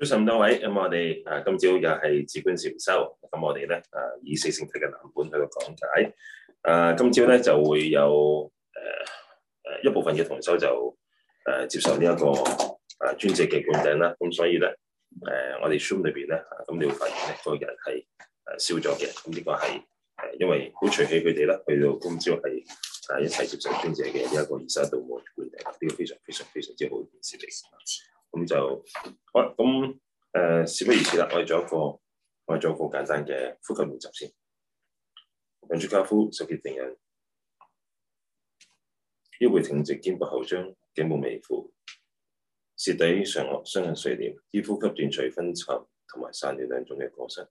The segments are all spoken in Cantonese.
早晨，各位，咁我哋啊，今朝又係止觀禪修，咁我哋咧啊，以四聖諦嘅藍本去到講解。啊，今朝咧就會有誒誒、呃、一部分嘅同修就誒、呃、接受呢一個尊啊尊者嘅灌頂啦。咁所以咧誒、呃，我哋 Zoom 入邊咧啊，咁你會發現咧，個人係誒少咗嘅。咁呢個係誒，因為好隨喜佢哋啦，去到今朝係啊一齊接受尊者嘅一個二十一度母灌頂啦。呢、這個非常非常非常之好嘅一件事嚟。啊咁就好啦，咁誒、呃，事不宜遲啦，我哋做一個，我哋做一個簡單嘅呼吸練習先。兩足跏趺，手結定印，腰背挺直，肩膊後張，頸部微俯，舌抵上顎，雙目垂簾，以呼吸斷除昏沉同埋散亂兩種嘅過失。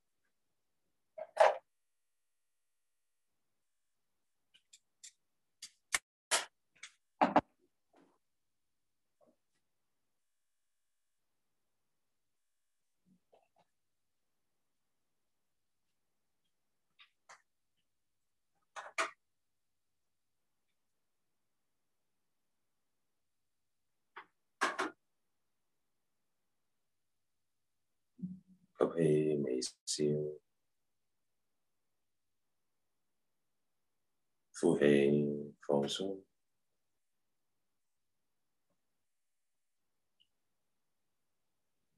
吸氣微笑，呼氣放鬆，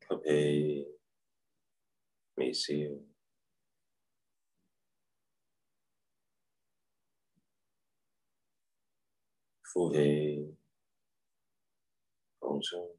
吸氣微笑，呼氣放鬆。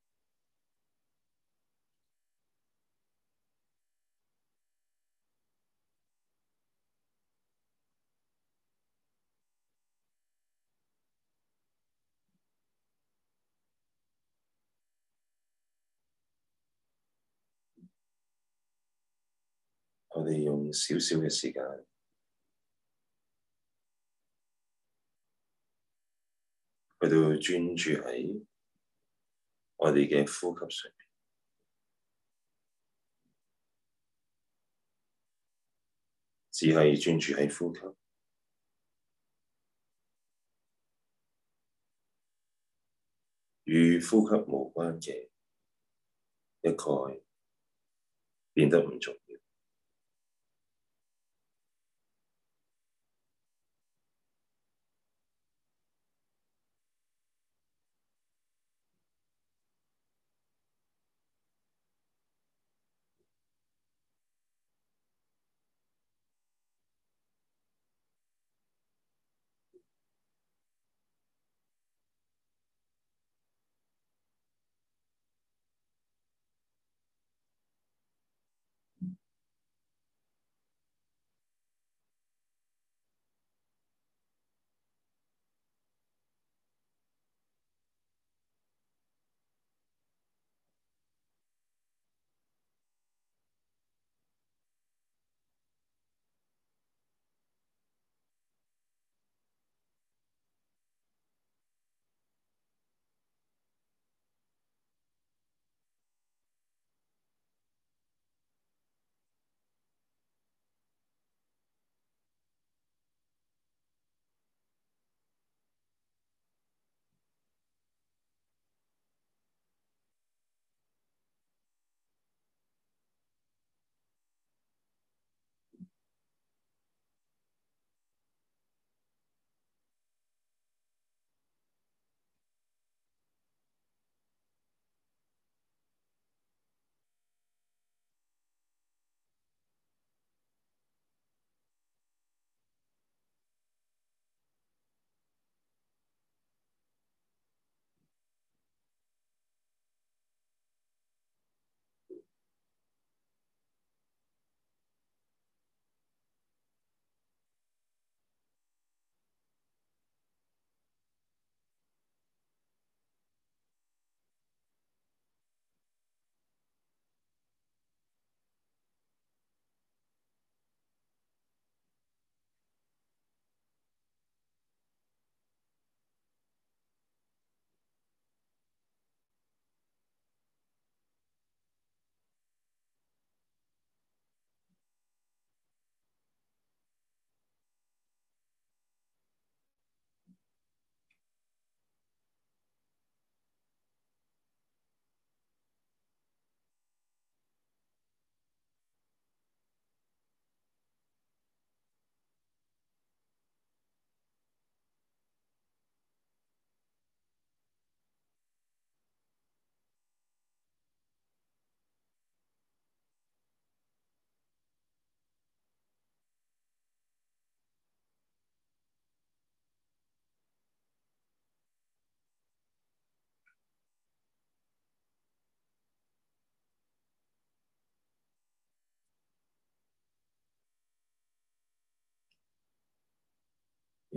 我哋用少少嘅時間去到專注喺我哋嘅呼吸上面，只係專注喺呼吸，與呼吸無關嘅一概變得唔重要。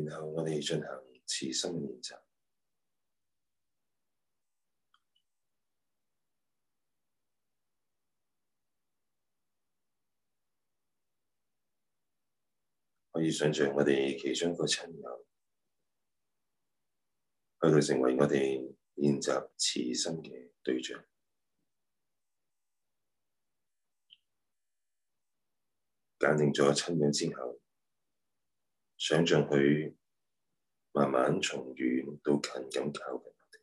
然後我哋進行慈心嘅練習，可以想象我哋其中一個親友，佢哋成為我哋練習慈心嘅對象。揀定咗親友之後。想象佢慢慢從遠到近咁靠近我哋，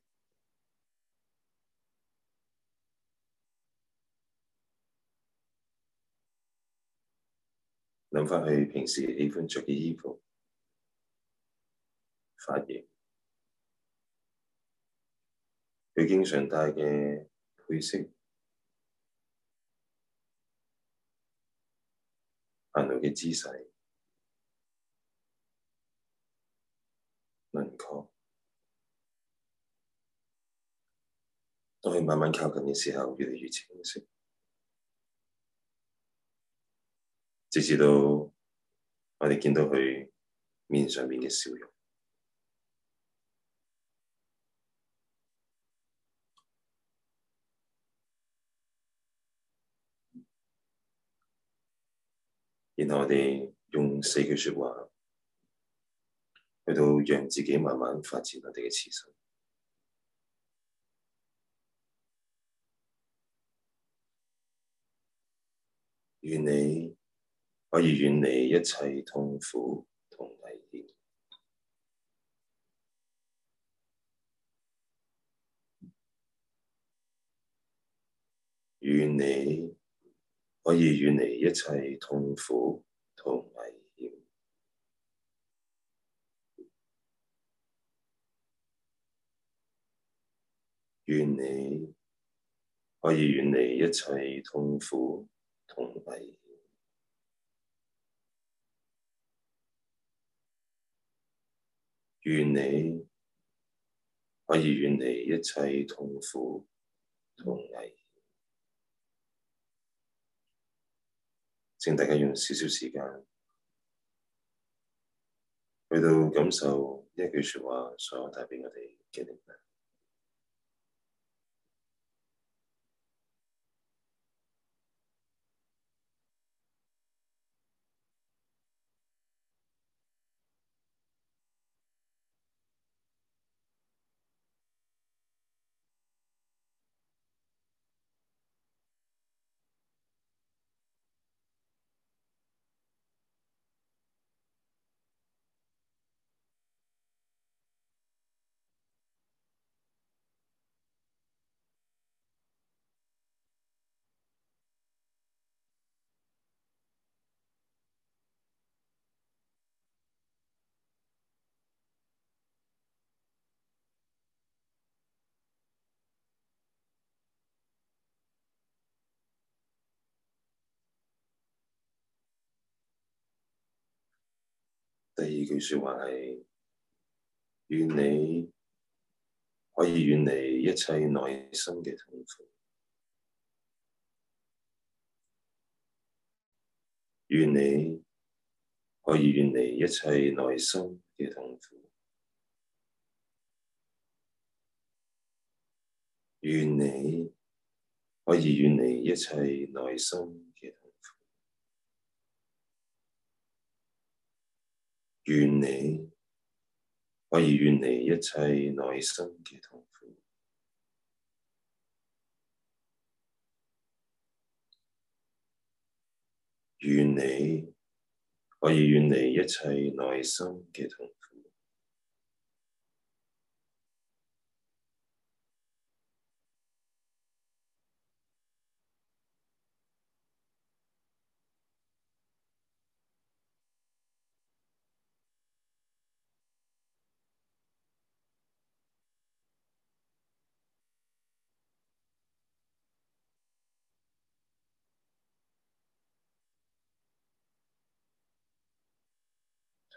諗翻佢平時喜歡着嘅衣服、髮型，佢經常戴嘅配飾、行路嘅姿勢。輪廓，當佢慢慢靠近嘅時候，越嚟越清晰，直至到我哋見到佢面上面嘅笑容，然後我哋用四句說話。去到讓自己慢慢發展我哋嘅慈心。願你可以遠離一切痛苦同危險。願你可以遠離一切痛苦同危險。願你可以遠離一切痛苦同危險，願你可以遠離一切痛苦同危險。請大家用少少時間去到感受呢句說話所帶畀我哋嘅力量。第二句説話係：願你可以遠離一切內心嘅痛苦，願你可以遠離一切內心嘅痛苦，願你可以遠離一切內心。願你可以遠離一切內心嘅痛苦，願你可以遠離一切內心嘅痛苦。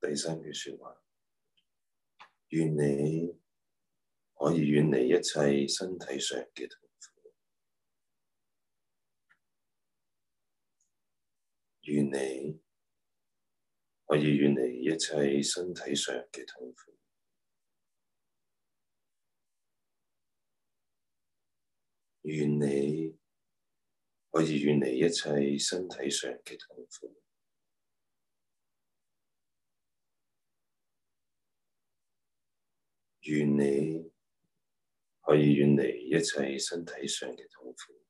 第三句說話：願你可以遠離一切身體上嘅痛苦，願你可以遠離一切身體上嘅痛苦，願你可以遠離一切身體上嘅痛苦。願你可以遠離一切身體上嘅痛苦，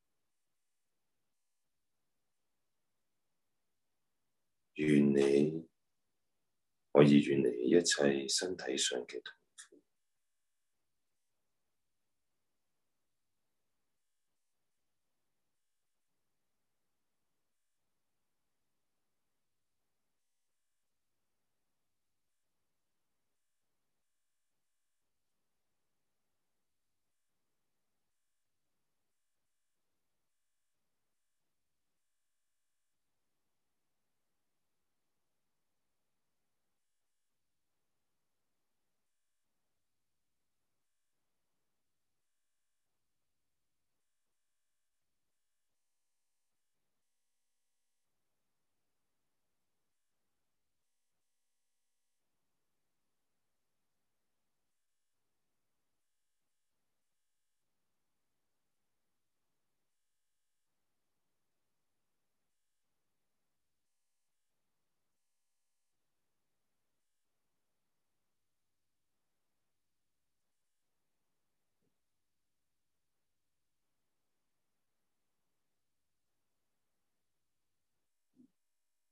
願你可以遠離一切身體上嘅痛苦。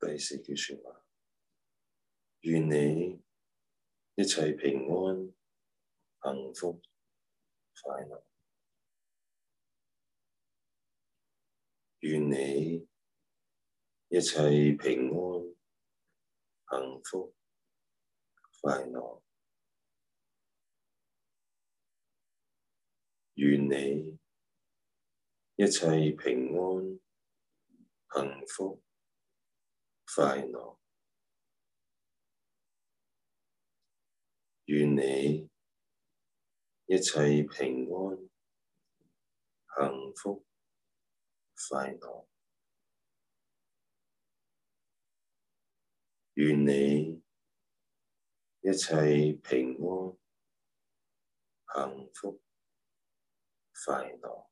第四句説話：願你一切平安，幸福快樂。願你一切平安，幸福快樂。願你一切平安，幸福快樂，願你一切平安，幸福快樂，願你一切平安，幸福快樂。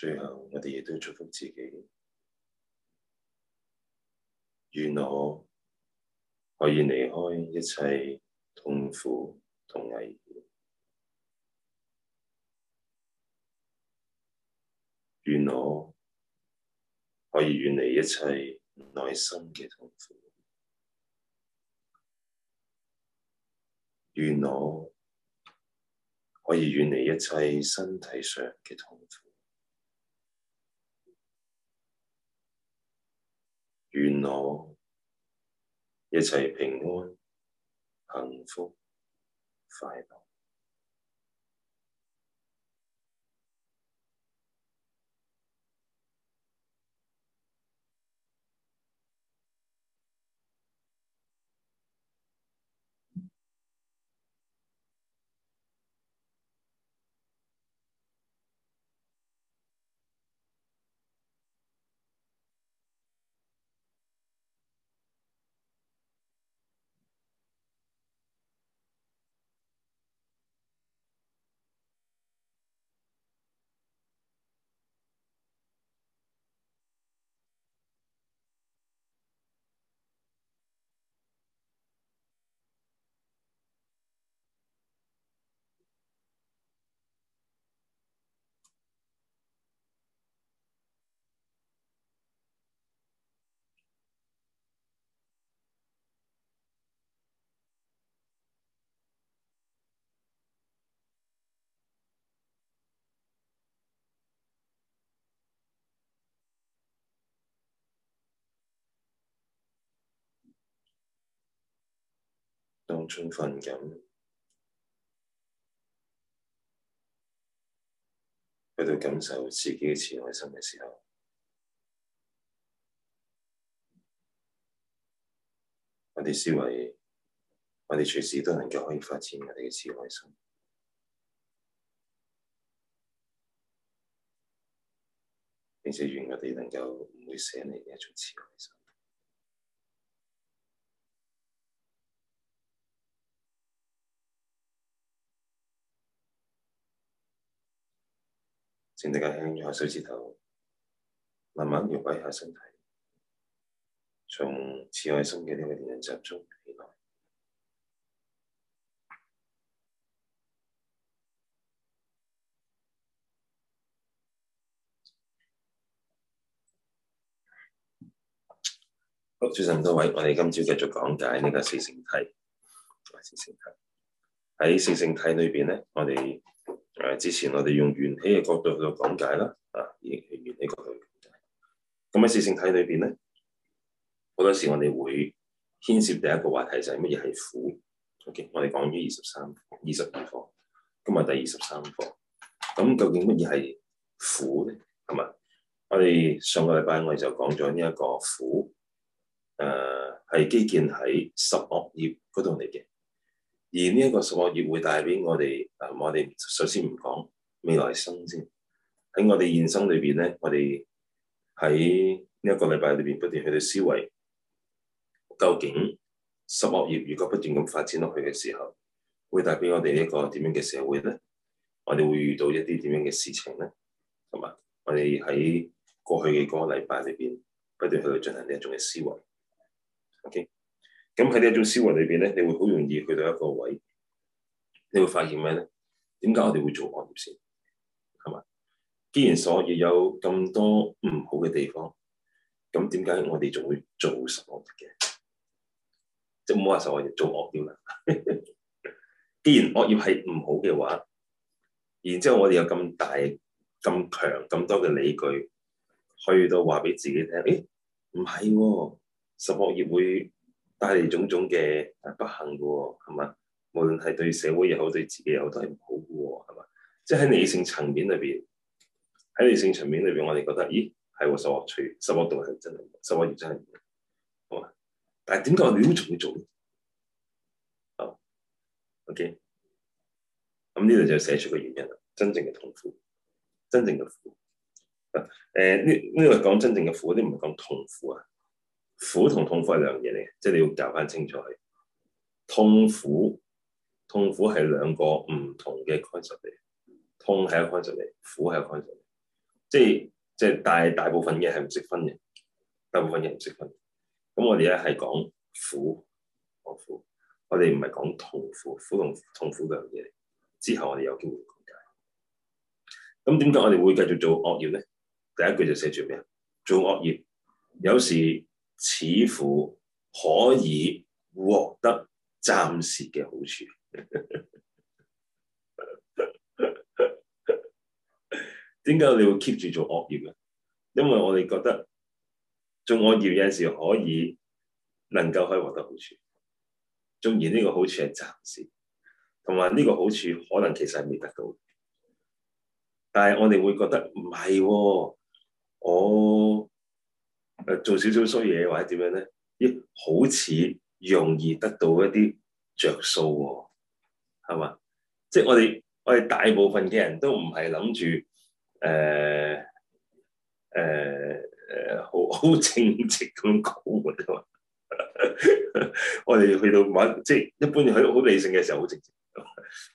最後，我哋亦都祝福自己，願我可以離開一切痛苦同危險，願我可以遠離一切內心嘅痛苦，願我可以遠離一切身體上嘅痛苦。願我一切平安、幸福、快樂。充分咁喺度感受自己嘅慈愛心嘅時候，我哋思維我哋隨時都能夠可以發展我哋嘅慈愛心，並且願我哋能夠唔會捨離嘅一種慈愛心。靜定下，輕咗下手指頭，慢慢搖擺下身體，從慈愛心嘅呢個點樣集中起來。嗯、好，早晨各位，我哋今朝繼續講解呢個四聖諦。四聖諦喺四聖諦裏邊咧，我哋。誒，之前我哋用元氣嘅角度去到講解啦，啊，以元氣角度去講解。咁喺四聖諦裏邊咧，好多時我哋會牽涉第一個話題就係乜嘢係苦。OK，我哋講咗二十三、二十二課，今日第二十三課。咁究竟乜嘢係苦咧？係嘛？我哋上個禮拜我哋就講咗呢一個苦，誒、呃，係基建喺十惡業嗰度嚟嘅。而呢一個十惡業會帶俾我哋，誒、啊，我哋首先唔講未來生先。喺我哋現生裏邊咧，我哋喺呢一個禮拜裏邊不斷去到思維，究竟十惡業如果不斷咁發展落去嘅時候，會帶俾我哋一個點樣嘅社會咧？我哋會遇到一啲點樣嘅事情咧？同埋我哋喺過去嘅嗰個禮拜裏邊不斷去進行呢一種嘅思維。O.K. 咁喺呢一種思維裏邊咧，你會好容易去到一個位，你會發現咩咧？點解我哋會做惡業先？係嘛？既然十惡業有咁多唔好嘅地方，咁點解我哋仲會做十惡業嘅？即唔好話十惡業，做惡業喇！ 既然惡業係唔好嘅話，然之後我哋有咁大、咁強、咁多嘅理據，去到話俾自己聽，誒，唔係喎，十惡、哦、業會帶嚟種種嘅不幸嘅，係嘛？無論係對社會又好，對自己又好，都係唔好嘅，係嘛？即係喺理性層面裏邊，喺理性層面裏邊，我哋覺得，咦，係喎，受惡趣、受惡道係真係，受惡業真係，好嘛？但係點解我哋都仲要做咧？哦、oh，OK，咁呢度就寫出個原因啦，真正嘅痛苦，真正嘅苦。誒、呃，呢呢個講真正嘅苦，啲唔係講痛苦啊。苦同痛苦係兩樣嘢嚟，即係你要搞翻清楚去。痛苦，痛苦係兩個唔同嘅 concept 嚟，痛係一個 concept 嚟，苦係一個 concept 嚟。即係即係，但大部分嘢係唔識分嘅，大部分嘢唔識分。咁我哋咧係講苦，講苦，我哋唔係講痛苦，苦同痛苦兩樣嘢嚟，之後我哋有機會講解。咁點解我哋會繼續做惡業咧？第一句就寫住咩？做惡業有時。似乎可以獲得暫時嘅好處，點 解我哋會 keep 住做惡業咧？因為我哋覺得做惡業有陣時可以能夠可以獲得好處，縱然呢個好處係暫時，同埋呢個好處可能其實係未得到，但係我哋會覺得唔係喎，我。做少少衰嘢或者點樣咧，咦？好似容易得到一啲着數喎，係嘛？即係我哋我哋大部分嘅人都唔係諗住誒誒誒好好正直咁樣講㗎嘛。 我哋去到玩，即係一般 去到好理性嘅時候好正直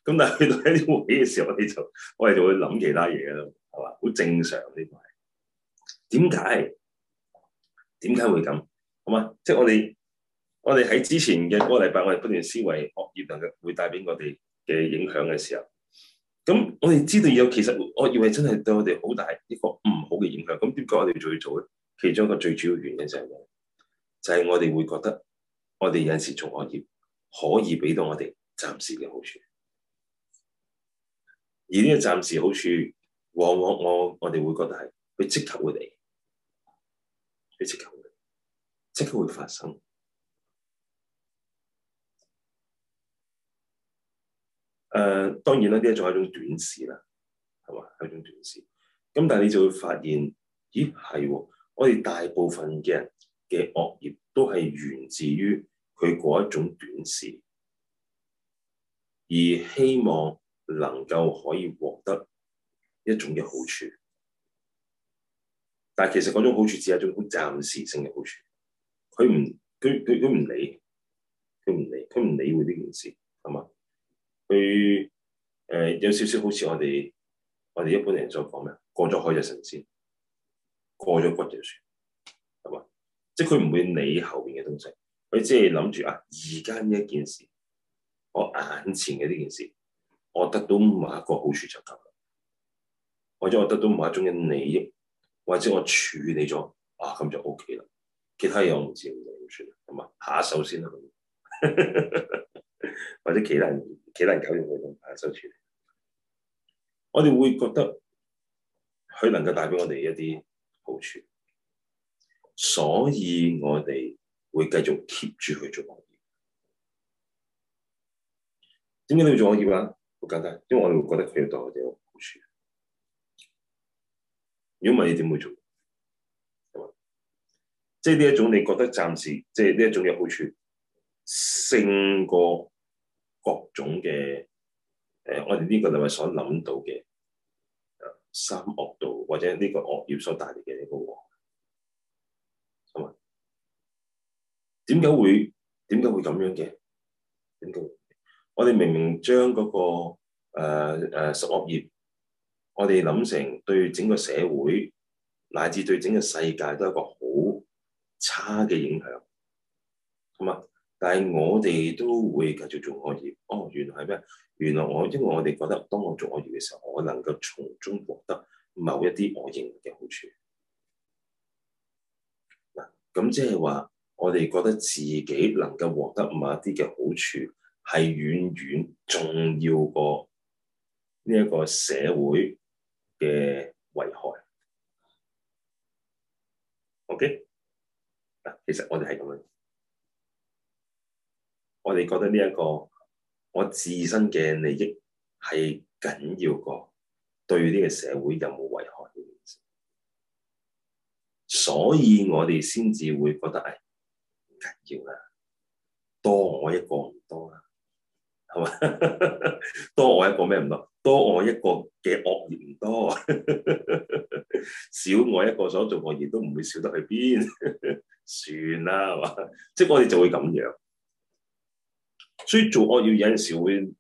咁，但係去到一啲位嘅時候，你就我哋就會諗其他嘢啦，係嘛？好正常呢個係點解？點解會咁好嘛？即係我哋，我哋喺之前嘅嗰個禮拜，我哋不斷思維惡業能夠會帶俾我哋嘅影響嘅時候，咁我哋知道有其實我以為真係對我哋好大一個唔好嘅影響。咁點解我哋仲要做咧？其中一個最主要原因就係咩？就係我哋會覺得我哋有陣時做惡業可以俾到我哋暫時嘅好處，而呢個暫時好處往往我我哋會覺得係佢即刻會嚟。即係咁嘅，即刻會發生。誒、呃，當然啦，呢一種係一種短視啦，係嘛，係一種短視。咁但係你就會發現，咦，係、哦，我哋大部分嘅人嘅惡業都係源自於佢嗰一種短視，而希望能夠可以獲得一種嘅好處。但係其實嗰種好處只係一種好暫時性嘅好處，佢唔佢佢佢唔理，佢唔理，佢唔理會呢件事，係嘛？佢誒、呃、有少少好似我哋我哋一般人所講咩啊？過咗海就神仙，過咗骨就算。係嘛？即係佢唔會理會後邊嘅東西，佢只係諗住啊，而家呢一件事，我眼前嘅呢件事，我得到某一個好處就夠啦，或者我得到某一種嘅利益。或者我處理咗啊，咁就 OK 啦。其他嘢我唔知，就咁算咁啊，下一手先啦。或者其他人其他人搞掂佢，下一手處理。我哋會覺得佢能夠帶俾我哋一啲好處，所以我哋會繼續 keep 住去做惡業。點解你要做惡業啊？好簡單，因為我哋會覺得佢要帶我哋好處。如果問你點會做，即係呢一種，你覺得暫時即係呢一種有好處，勝過各種嘅誒、呃，我哋呢個你咪所諗到嘅、呃、三惡道，或者呢個惡業所帶嚟嘅報應。點解會點解會咁樣嘅？點解我哋明明將嗰、個誒、呃呃、十惡業。我哋諗成對整個社會乃至對整個世界都有一個好差嘅影響，同埋，但係我哋都會繼續做惡業。哦，原來係咩？原來我因為我哋覺得當我做惡業嘅時候，我能夠從中獲得某一啲我認為嘅好處。嗱，咁即係話，我哋覺得自己能夠獲得某一啲嘅好處，係遠遠重要過呢一個社會。嘅危害，OK 嗱，其實我哋係咁樣，我哋覺得呢、這、一個我自身嘅利益係緊要過對呢個社會有冇危害，所以我哋先至會覺得係唔緊要啦，多我一個唔多啦，係嘛， 多我一個咩唔多？多我一個嘅惡業唔多，少 我一個所做惡業都唔會少得去邊， 算啦係嘛？即係我哋就會咁樣，所以做惡要有陣時會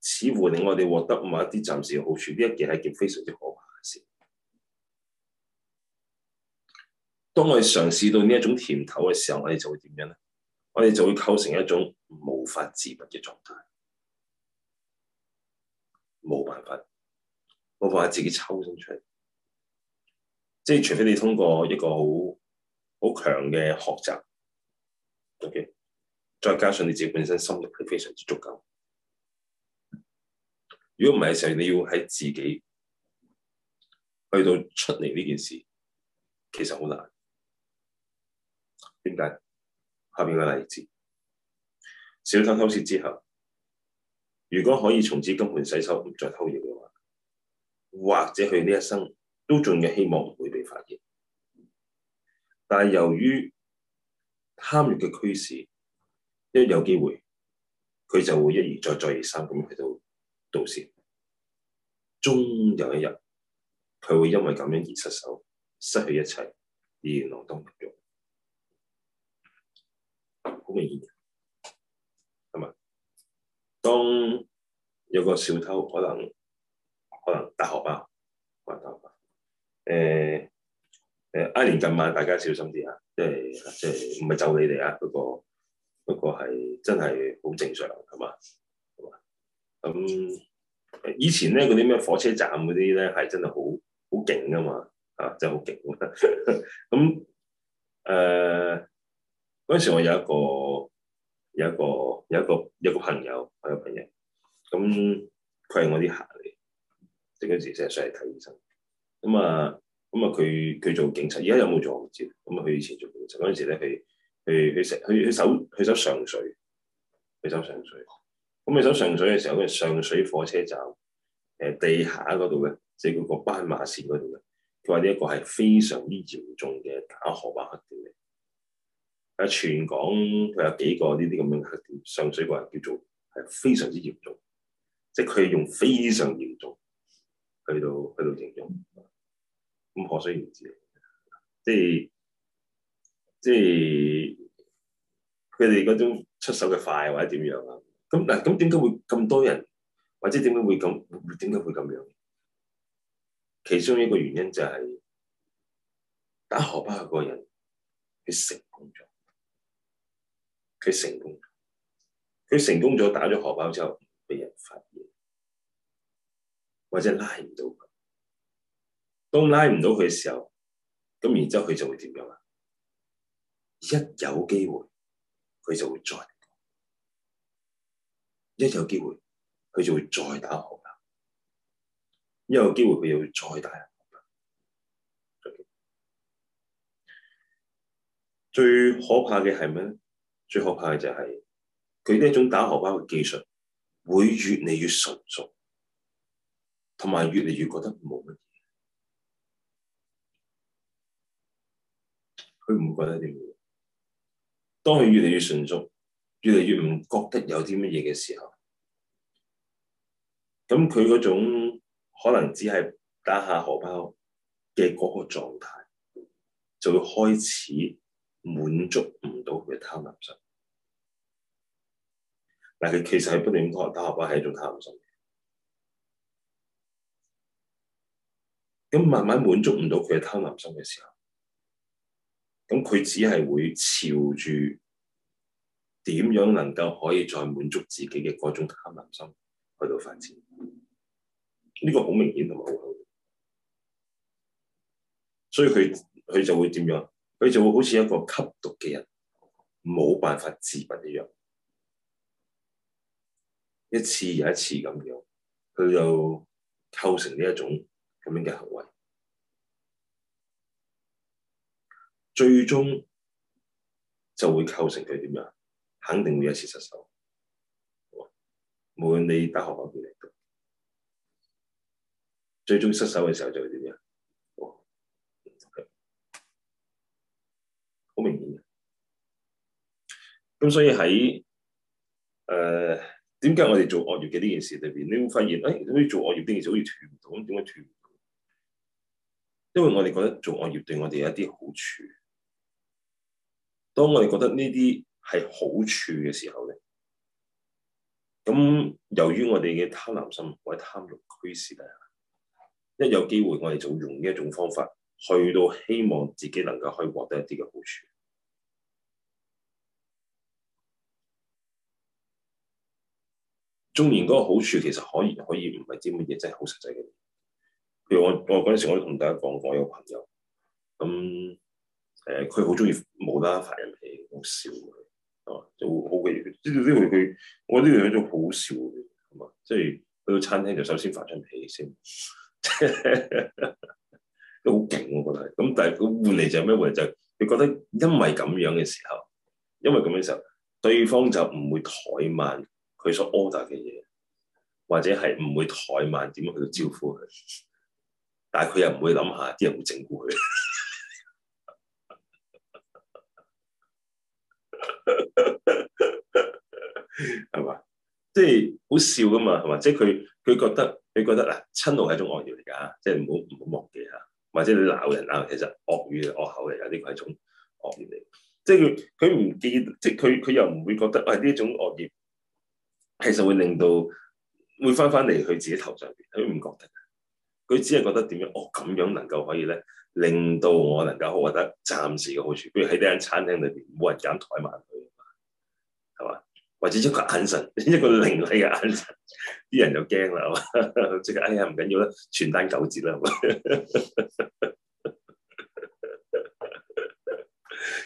似乎令我哋獲得某一啲暫時嘅好處，呢一件係一件非常之可怕嘅事。當我哋嘗試到呢一種甜頭嘅時候，我哋就會點樣咧？我哋就會構成一種無法自拔嘅狀態。冇辦法，冇辦法自己抽身出嚟，即係除非你通過一個好好強嘅學習，OK，再加上你自己本身心力係非常之足夠。如果唔係成時你要喺自己去到出嚟呢件事，其實好難。點解？下面個例子，小偷偷竊之後。如果可以從此金盆洗手，唔再偷嘢嘅話，或者佢呢一生都仲有希望唔會被發現。但係由於貪欲嘅驅使，一有機會，佢就會一而再、再而三咁喺度道竊盜竊。終有一日，佢會因為咁樣而失手，失去一切，而鋃鐺入獄。好明顯。當有個小偷，可能可能大學吧，唔係大學吧？誒、啊、誒，一年近晚，大家小心啲啊！即係即係，唔係咒你哋啊！嗰、那個嗰個係真係好正常，係嘛？係嘛？咁、嗯、以前咧，嗰啲咩火車站嗰啲咧，係真係好好勁噶嘛？啊，真係好勁！咁 誒，嗰、呃、陣時我有一個。有一個有一個有一朋友，我有個朋友，咁佢係我啲客嚟，嗰陣時成日上嚟睇醫生。咁啊咁啊，佢佢做警察，而家有冇做我唔知。咁啊，佢以前做警察嗰陣時咧，佢去佢去佢佢走佢上水，去走上水。咁佢走上水嘅時候咧，上水火車站誒地下嗰度嘅，即係嗰個斑馬線嗰度嘅，佢話呢一個係非常之嚴重嘅打荷包黑點嚟。啊！全港佢有幾個呢啲咁樣嘅點，上水嗰人叫做係非常之嚴重，即係佢係用非常嚴重去到去到形容。咁可想而知，即係即係佢哋嗰種出手嘅快或者點樣啊？咁嗱，咁點解會咁多人，或者點解會咁？點解會咁樣？其中一個原因就係、是、打荷包嗰個人佢成功咗。佢成功，佢成功咗打咗荷包之後，俾人發現，或者拉唔到佢。當拉唔到佢嘅時候，咁然之後佢就會點樣啊？一有機會，佢就會再；一有機會，佢就會再打荷包；一有機會，佢又會再打荷包。最可怕嘅係咩咧？最可怕嘅就係佢呢一種打荷包嘅技術會越嚟越純熟，同埋越嚟越覺得冇乜嘢。佢唔覺得有啲乜嘢。當佢越嚟越純熟，越嚟越唔覺得有啲乜嘢嘅時候，咁佢嗰種可能只係打下荷包嘅嗰個狀態，就會開始。滿足唔到佢嘅貪婪心，但係佢其實係不斷咁學貪學霸係一種貪婪心。咁慢慢滿足唔到佢嘅貪婪心嘅時候，咁佢只係會朝住點樣能夠可以再滿足自己嘅各種貪婪心去到發展。呢、呢個好明顯同埋好好，所以佢佢就會點樣？佢就會好似一個吸毒嘅人，冇辦法自拔一樣，一次又一次咁樣，佢就構成呢一種咁樣嘅行為，最終就會構成佢點樣？肯定會一次失手，無論你大學嗰邊嚟讀，最終失手嘅時候就會點樣？好明顯嘅，咁所以喺誒點解我哋做惡業嘅呢件事裏邊，你會發現誒好似做惡業呢件事好似斷唔到，咁點解斷唔到？因為我哋覺得做惡業對我哋有一啲好處，當我哋覺得呢啲係好處嘅時候咧，咁由於我哋嘅貪婪心或者貪欲驅使底下，一有機會我哋就用呢一種方法。去到希望自己能夠可以獲得一啲嘅好處，中年嗰個好處其實可以可以唔係啲乜嘢，真係好實際嘅。譬如我我嗰陣時我都同大家講過有個朋友咁，誒佢好中意無啦發人脾氣好笑啊，都好鬼嘢。之之類佢，我覺得呢樣就好笑嘅，係嘛？即係去到餐廳就首先發脾氣先。 都好勁，我覺得係咁，但係佢換嚟就係咩，換嚟就係、是、你覺得因為咁樣嘅時候，因為咁樣嘅時候，對方就唔會怠慢佢所 order 嘅嘢，或者係唔會怠慢點樣去到招呼佢，但係佢又唔會諗下啲人會整蠱佢，係嘛？即係好笑噶嘛，係、就、嘛、是？即係佢佢覺得佢覺得嗱、啊，瞋怒係一種惡業嚟㗎，即係唔好唔好忘記啊！或者你鬧人啊，其實惡語、惡口嚟㗎，呢個係種惡業嚟，即係佢佢唔記得，即係佢佢又唔會覺得，哇，呢種惡業其實會令到會翻返嚟佢自己頭上邊，佢唔覺得，佢只係覺得點樣，哦，咁樣能夠可以咧令到我能夠獲得暫時嘅好處，譬如喺呢間餐廳裏邊冇人敢怠慢。或者一個眼神，一個凌厲嘅眼神，啲人就驚啦，即係， 哎呀，唔緊要啦，全單九折啦，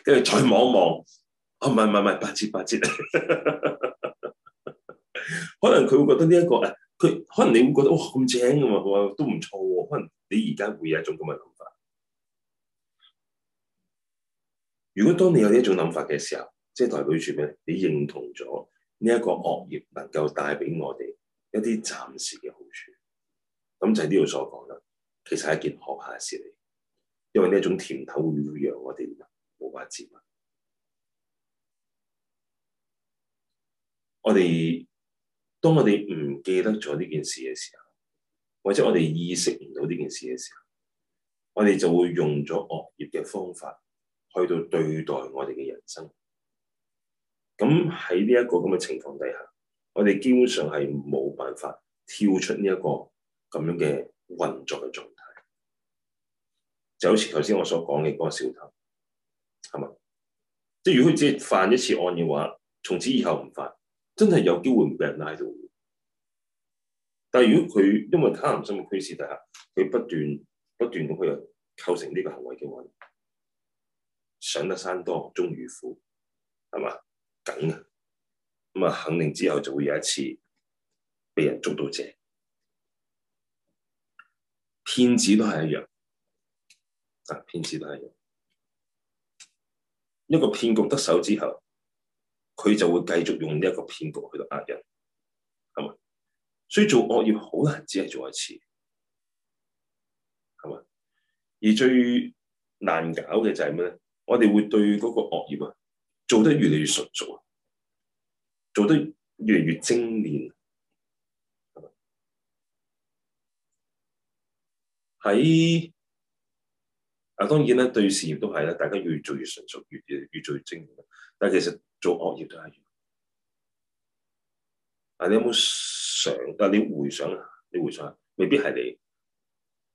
跟住 再望一望，哦，唔係唔係唔係八折八折， 可能佢會覺得呢、這、一個誒，佢可能你會覺得哇咁正噶嘛，哇、哦啊、都唔錯喎、啊，可能你而家會有一種咁嘅諗法。如果當你有呢一種諗法嘅時候，即代表住咩？你認同咗呢一個惡業能夠帶俾我哋一啲暫時嘅好處，咁就係呢度所講啦。其實係一件可怕嘅事嚟，因為呢一種甜頭會讓我哋冇法自拔。我哋當我哋唔記得咗呢件事嘅時候，或者我哋意識唔到呢件事嘅時候，我哋就會用咗惡業嘅方法去到對待我哋嘅人生。咁喺呢一個咁嘅情況底下，我哋基本上係冇辦法跳出呢一個咁樣嘅運作嘅狀態，就好似頭先我所講嘅嗰個小偷，係嘛？即係如果佢只係犯一次案嘅話，從此以後唔犯，真係有機會唔俾人拉到。但係如果佢因為貪心嘅驅使底下，佢不斷不斷咁去構成呢個行為嘅惡業，上得山多終遇虎，係嘛？梗嘅，咁啊，肯定之後就會有一次被人捉到正。騙子都係一樣，啊，騙子都係一樣。一個騙局得手之後，佢就會繼續用呢一個騙局去到呃人，係咪？所以做惡業好難，只係做一次，係咪？而最難搞嘅就係咩咧？我哋會對嗰個惡業啊。做得越嚟越純熟，做得越嚟越精煉。喺啊，當然咧，對事業都係咧，大家越做越純熟，越越，越做越精。但係其實做惡業都係一樣。啊，你有冇想？啊，你回想下，你回想下，未必係你，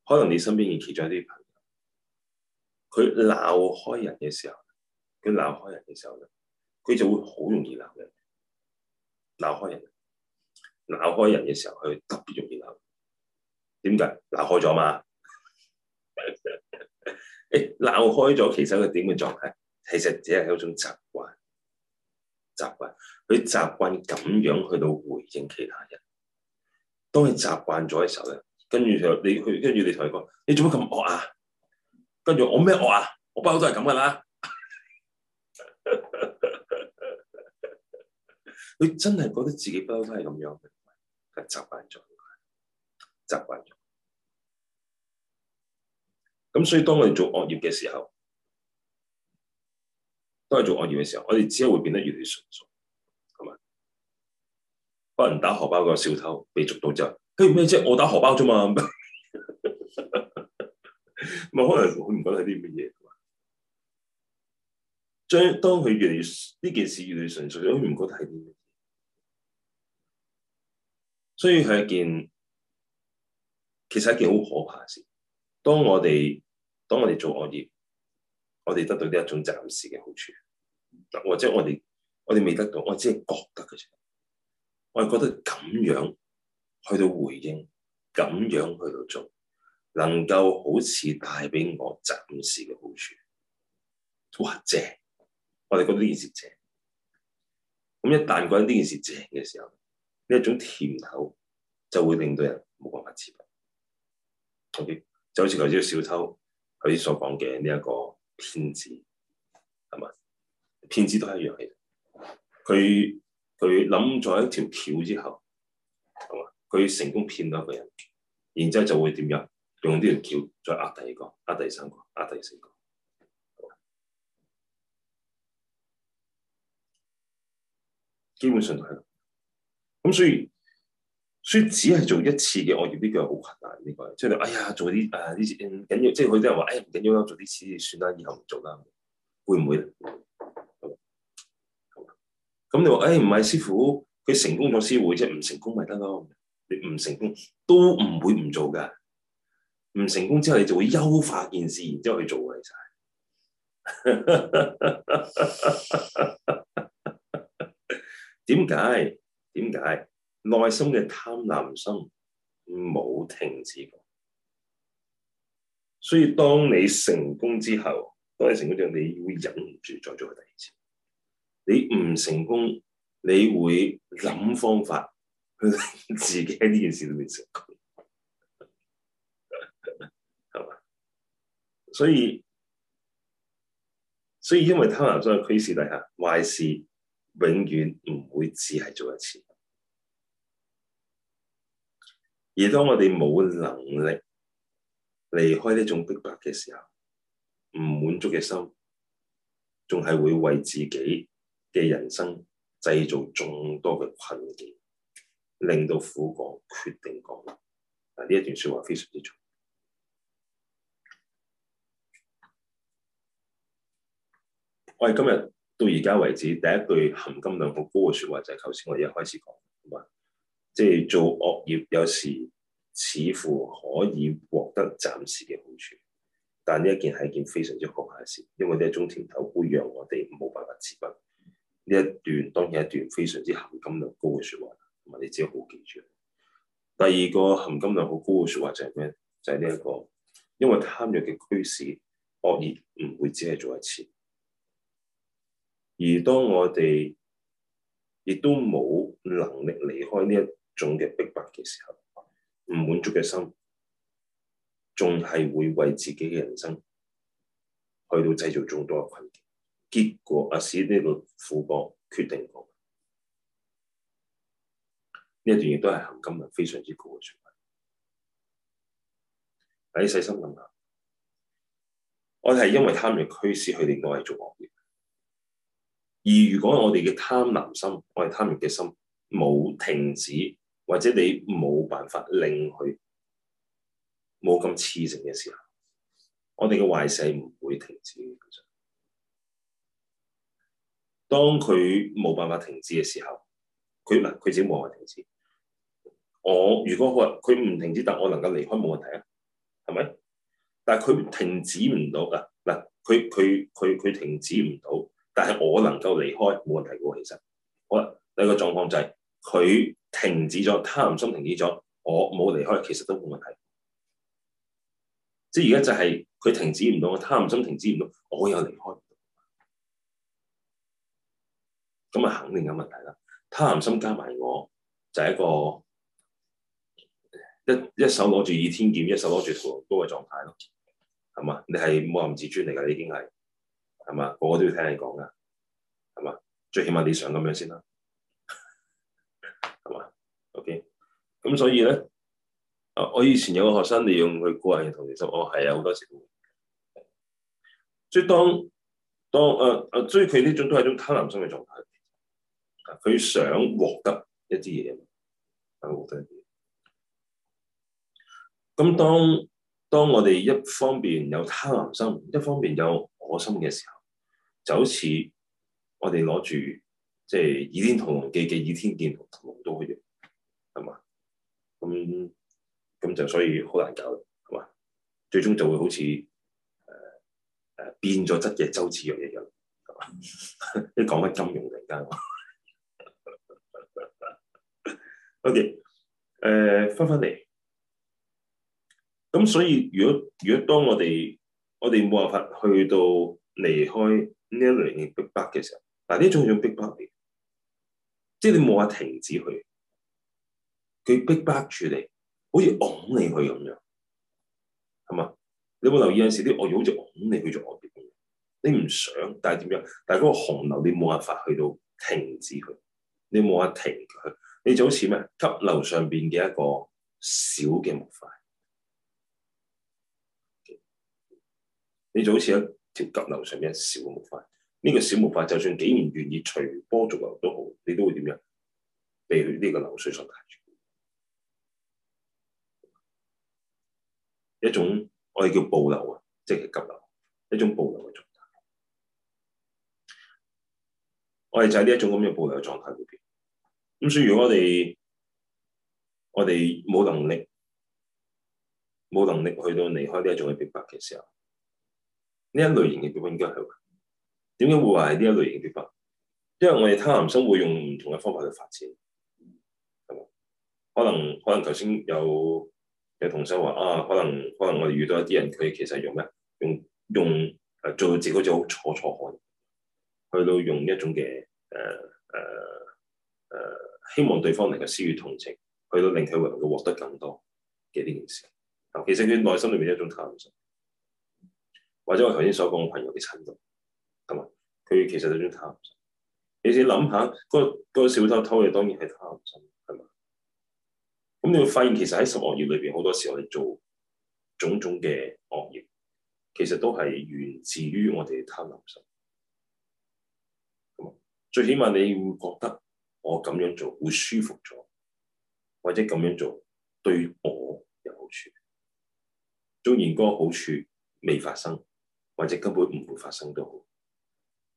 可能你身邊嘅其中一啲朋友，佢鬧開人嘅時候。佢鬧開人嘅時候咧，佢就會好容易鬧人。鬧開人，鬧開人嘅時候，佢特別容易鬧。點解鬧開咗嘛？誒 鬧開咗，其實佢點嘅狀態，其實只係一種習慣。習慣，佢習慣咁樣去到回應其他人。當佢習慣咗嘅時候咧，跟住佢你佢跟住你同佢講：你做乜咁惡啊？跟住我咩惡啊？我不嬲都係咁噶啦。佢真係覺得自己不嬲都係咁樣嘅，係習慣咗，習慣咗。咁所以當我哋做惡業嘅時候，當我哋做惡業嘅時候，我哋只會變得越嚟越純熟，係嘛？幫人打荷包個小偷被捉到之後，嘿咩啫？我打荷包咋嘛？咪 可能佢唔覺得係啲乜嘢？將當佢越嚟越呢件事越嚟越純粹，佢唔覺得係啲。所以佢係一件，其實係一件好可怕嘅事。當我哋當我哋做惡業，我哋得到呢一種暫時嘅好處，或者我哋我哋未得到，我只係覺得嘅啫。我係覺得咁樣去到回應，咁樣去到做，能夠好似帶俾我暫時嘅好處，哇，正，我哋覺得呢件事正。咁一旦覺得呢件事正嘅時候，呢一種甜頭就會令到人冇辦法自拔。Okay，就好似頭先小偷佢所講嘅呢一個騙子，係嘛？騙子都係一樣嘅。佢佢諗咗一條橋之後，係嘛？佢成功騙到一個人，然之後就會點樣用呢條橋再呃第二個，呃第三個，呃第四個。基本上都係。咁所以，所以只係做一次嘅惡業，呢、啊，這個好困難。呢個即係，哎呀，做啲誒啲緊要，即係佢真係話，哎唔緊要啦，做啲次算啦，以後唔做啦，會唔會？咁你話，哎，唔係師傅，佢成功咗先會啫，唔、即係、成功咪得咯。你唔成功都唔會唔做噶，唔成功之後你就會優化件事，然之後去做嘅，其實係。點 解？點解？內心嘅貪婪心冇停止過，所以當你成功之後，當你成功之後，你會忍唔住再做第二次。你唔成功，你會諗方法去自己喺呢件事裏面成功，係 嘛？所以，所以因為貪婪心嘅驅使底下，壞事。永遠唔會只係做一次，而當我哋冇能力離開呢種逼迫嘅時候，唔滿足嘅心，仲係會為自己嘅人生製造眾多嘅困境，令到苦果決定果。嗱，呢一段說話非常之重。我哋今日。到而家為止，第一句含金量好高嘅説話就係頭先我一開始講，即、嗯、係、就是、做惡業有時似乎可以獲得暫時嘅好處，但呢一件係一件非常之可怕嘅事，因為呢一種甜頭會讓我哋冇辦法自拔。呢一段當然一段非常之含金量高嘅説話，同、嗯、埋你自己好記住。第二個含金量好高嘅説話就係咩？就係呢一個，因為貪欲嘅驅使，惡業唔會只係做一次。而當我哋亦都冇能力離開呢一種嘅逼迫嘅時候，唔滿足嘅心，仲係會為自己嘅人生去到製造眾多嘅困境。結果阿史呢個苦伯決，決定過，呢一段亦都係含金量非常之高嘅説話。喺細心諗下，我哋係因為貪欲嘅驅使佢哋我哋做惡業。而如果我哋嘅貪婪心，我哋貪欲嘅心冇停止，或者你冇辦法令佢冇咁刺激嘅時候，我哋嘅壞事唔會停止嘅。當佢冇辦法停止嘅時候，佢嗱佢自己冇辦法停止。我如果話佢唔停止，但我能夠離開冇問題啊，係咪？但係佢停止唔到噶嗱，佢佢佢佢停止唔到。但係我能夠離開冇問題嘅喎，其實好啦，另一個狀況就係佢停止咗貪心，停止咗，我冇離開，其實都冇問題。即係而家就係佢停止唔到，貪心停止唔到，我又離開，咁啊肯定有問題啦。貪心加埋我就係一個一一手攞住倚天劍，一手攞住屠龍刀嘅狀態咯，係嘛？你係冇人自尊嚟噶，你已經係。係嘛，我都要聽你講噶，係嘛？最起碼你想咁樣先啦，係嘛？OK，咁所以咧，啊，我以前有個學生利用佢個人嘅同情心，哦，係啊，好多次都，所以當當誒誒、呃，所以佢呢種都係一種貪婪心嘅狀態，佢想獲得一啲嘢，想獲得一啲嘢。咁當當我哋一方面有貪婪心，一方面有我心嘅時候。就好似我哋攞住即係倚天屠龍記嘅倚天劍同屠龍刀一樣，係嘛？咁咁就所以好難搞，係嘛？最終就會好似誒誒變咗質嘅周芷若一樣，你講緊金融突然間，O K，誒翻返嚟，咁、 okay, 呃、所以如果如果當我哋我哋冇辦法去到離開。呢一類型逼迫嘅時候，嗱，呢一種逼迫嚟，即係你冇法停止佢，佢逼迫住你，好似拱你去咁樣，係嘛？你有冇留意有陣時啲惡業，好似拱你去做惡業咁？你唔想，但係點樣？但係嗰個洪流你冇辦法去到停止佢，你冇法停佢，你就好似咩？急流上邊嘅一個小嘅木塊，你就好似。條急流上面一小木塊，呢個小木塊就算幾唔願意隨波逐流都好，你都會點樣被呢個流水所帶住？一種我哋叫暴流啊，即係急流，一種暴流嘅狀態。我哋就喺呢一種咁嘅暴流嘅狀態裏邊。咁所以如果我哋我哋冇能力冇能力去到離開呢一種嘅逼迫嘅時候。呢一類型嘅表白應該係好嘅。點解會話係呢一類型表白？因為我哋貪婪心會用唔同嘅方法去發展，係咪？可能可能頭先有有同修話啊，可能可能我哋遇到一啲人，佢其實用咩？用用誒，做到自己好似好，楚楚可憐，去到用一種嘅誒誒誒，希望對方能夠施予同情，去到令佢能夠獲得更多嘅呢件事。其實佢內心裏面一種貪心。或者我頭先所講嘅朋友嘅親度，咁啊，佢其實就中貪心。你你諗下，嗰嗰小偷偷嘢，當然係貪心，係咪？咁你會發現，其實喺十惡業裏邊，好多時候我哋做種種嘅惡業，其實都係源自於我哋貪貪心。咁啊，最起碼你會覺得我咁樣做會舒服咗，或者咁樣做對我有好處。雖然嗰個好處未發生。或者根本唔會發生都好，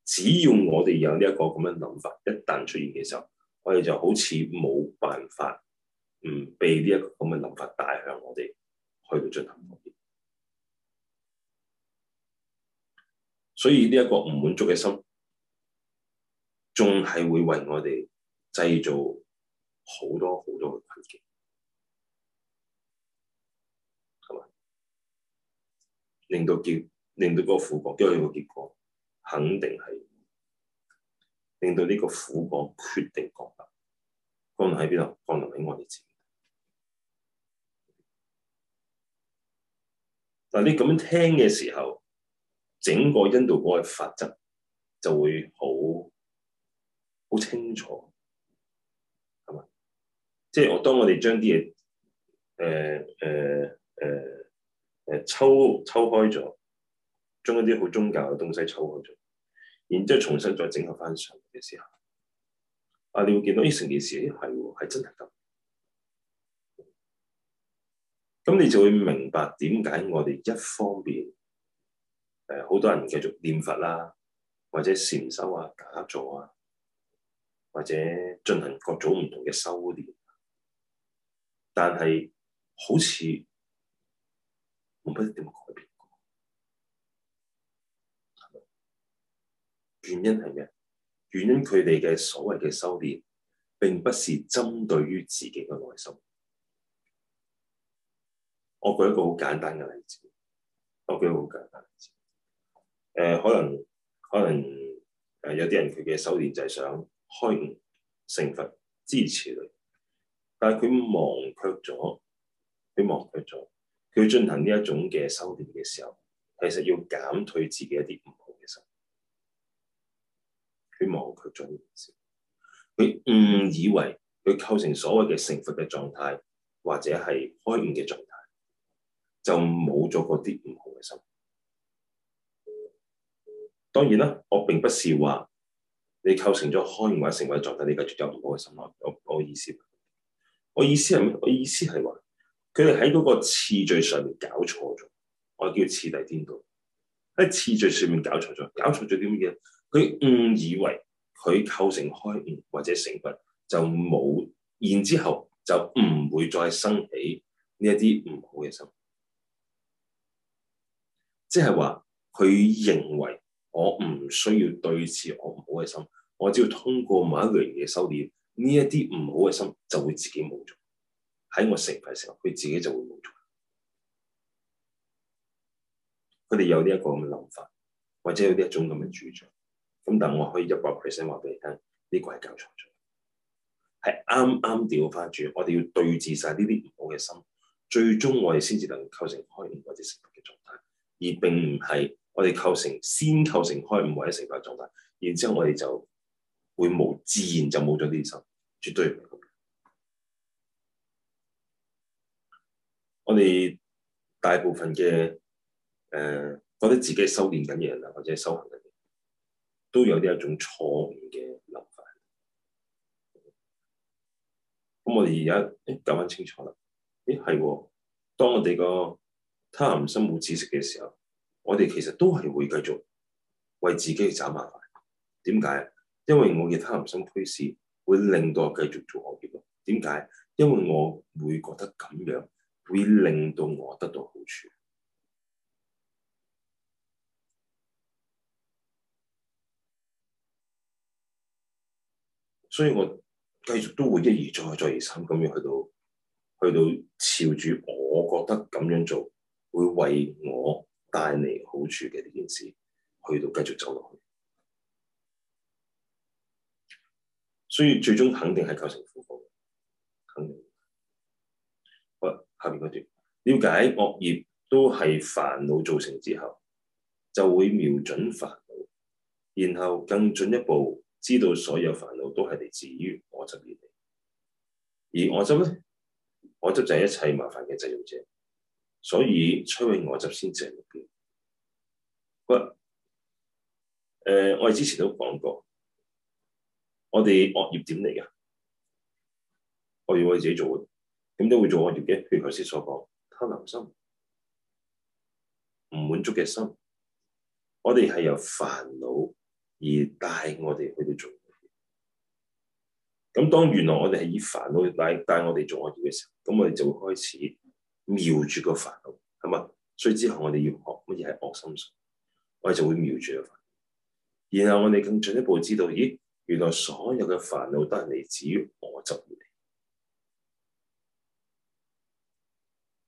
只要我哋有呢一個咁樣諗法，一旦出現嘅時候，我哋就好似冇辦法唔被呢一個咁嘅諗法帶向我哋去到進行。所以呢一個唔滿足嘅心，仲係會為我哋製造好多好多嘅困境。係嘛？令到結。令到嗰個苦果，因為個結果肯定係令到呢個苦果決定降臨，可能喺邊度？可能喺我哋自己。但係你咁樣聽嘅時候，整個印度嗰個法則就會好好清楚，係咪？即係我當我哋將啲嘢誒誒誒誒抽抽開咗。將一啲好宗教嘅東西抽好咗，然之後重新再整合翻上嘅時候，啊，你會見到咦？成件事咦係真係噉。咁、嗯、你就會明白點解我哋一方面誒好、呃、多人繼續念佛啦，或者禪修啊、打坐啊，或者進行各種唔同嘅修練，但係好似冇乜點改變。原因係咩？原因佢哋嘅所謂嘅修煉，並不是針對於自己嘅內心。我舉一個好簡單嘅例子，我舉一個好簡單嘅例子。誒、呃，可能可能誒、呃，有啲人佢嘅、呃、修煉就係想開悟、成佛、支持佢，但係佢忘卻咗，佢忘卻咗。佢進行呢一種嘅修煉嘅時候，其實要減退自己一啲唔希望佢做呢件事，佢誤以為佢構成所謂嘅成佛嘅狀態，或者係開悟嘅狀態，就冇咗嗰啲唔好嘅心。當然啦，我並不是話你構成咗開悟或者成佛嘅狀態，你繼續有唔好嘅心態。我我意思，我意思係，我意思係話，佢哋喺嗰個次序上面搞錯咗，我叫次第顛倒。喺次序上面搞錯咗，搞錯咗啲乜嘢？佢誤以為佢構成開悟或者成佛，就冇，然之後就唔會再生起呢一啲唔好嘅心，即係話佢認為我唔需要對治我唔好嘅心，我只要通過某一個人嘅修練，呢一啲唔好嘅心就會自己冇咗。喺我成佛嘅時候，佢自己就會冇咗。佢哋有呢一個咁嘅諗法，或者有呢一種咁嘅主張。咁但我可以一百 percent 話俾你聽，呢、這個係搞錯咗，係啱啱調翻轉。我哋要對治晒呢啲唔好嘅心，最終我哋先至能構成開悟或者成佛嘅狀態，而並唔係我哋構成先構成開悟或者成佛狀態，然之後我哋就會冇自然就冇咗呢啲心，絕對唔係咁。我哋大部分嘅誒、呃、覺得自己修練緊嘅人啊，或者修行緊。都有啲一種錯誤嘅諗法。咁我哋而家誒講翻清楚啦。誒係，當我哋個貪婪心冇知識嘅時候，我哋其實都係會繼續為自己去搵麻煩。點解？因為我嘅貪婪心驅使，會令到我繼續做惡業咯。點解？因為我會覺得咁樣會令到我得到好處。所以我繼續都會一而再、再而三咁樣去到，去到朝住我覺得咁樣做會為我帶嚟好處嘅呢件事，去到繼續走落去。所以最終肯定係構成苦報，肯定。好，下面嗰段了解惡業都係煩惱造成之後，就會瞄準煩惱，然後更進一步。知道所有煩惱都係嚟自於我執而嚟，而我執呢，我執就係一切麻煩嘅製造者，所以摧毀我執先正。不，誒，我哋之前都講過，我哋惡業點嚟㗎？我要為自己做，點解會做惡業嘅？譬如頭先所講，貪婪心、唔滿足嘅心，我哋係由煩惱。而帶我哋去到做嗰啲，咁當原來我哋係以煩惱帶帶我哋做惡業嘅時候，咁我哋就會開始瞄住個煩惱，係咪？所以之後我哋要學乜嘢係惡心上，我哋就會瞄住個煩惱。然後我哋更進一步知道，咦，原來所有嘅煩惱都係嚟自於我執嚟。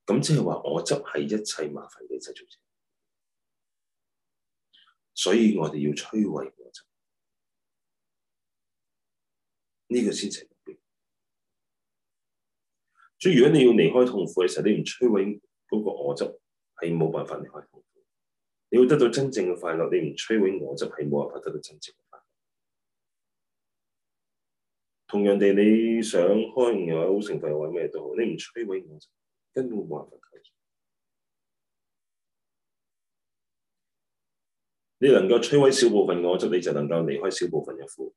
咁即係話，我執係一切麻煩嘅製造者。所以我哋要摧毀我執，呢個先係目標。所以如果你要離開痛苦嘅時候，你唔摧毀嗰個我執，係冇辦法離開痛苦。你要得到真正嘅快樂，你唔摧毀我執，係冇辦法得到真正嘅快樂。同樣地，你想開又好，成佛又為咩都好，你唔摧毀我執，根本冇辦法開。你能夠摧毀少部分嘅我執，就你就能夠離開少部分嘅苦；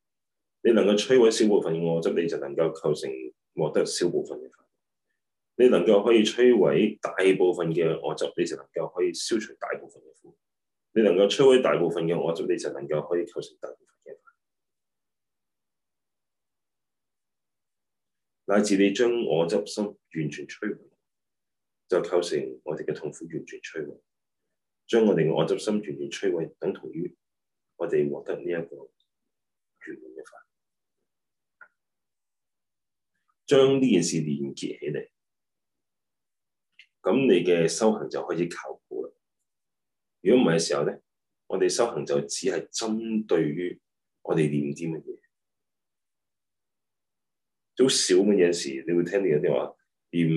你能夠摧毀少部分嘅我執，就你就能夠構成獲得少部分嘅苦；你能夠可以摧毀大部分嘅我執，就你就能夠可以消除大部分嘅苦；你能夠摧毀大部分嘅我執，就你就能夠可以構成大部分嘅苦。乃至你將我執心完全摧毀，就構成我哋嘅痛苦完全摧毀。將我哋嘅惡執心完全摧毀，等同於我哋獲得呢一個圓滿嘅法。將呢件事連結起嚟，咁你嘅修行就開始靠譜啦。如果唔係嘅時候咧，我哋修行就只係針對於我哋念啲乜嘢，都少咁嘅事。你會聽啲有啲話念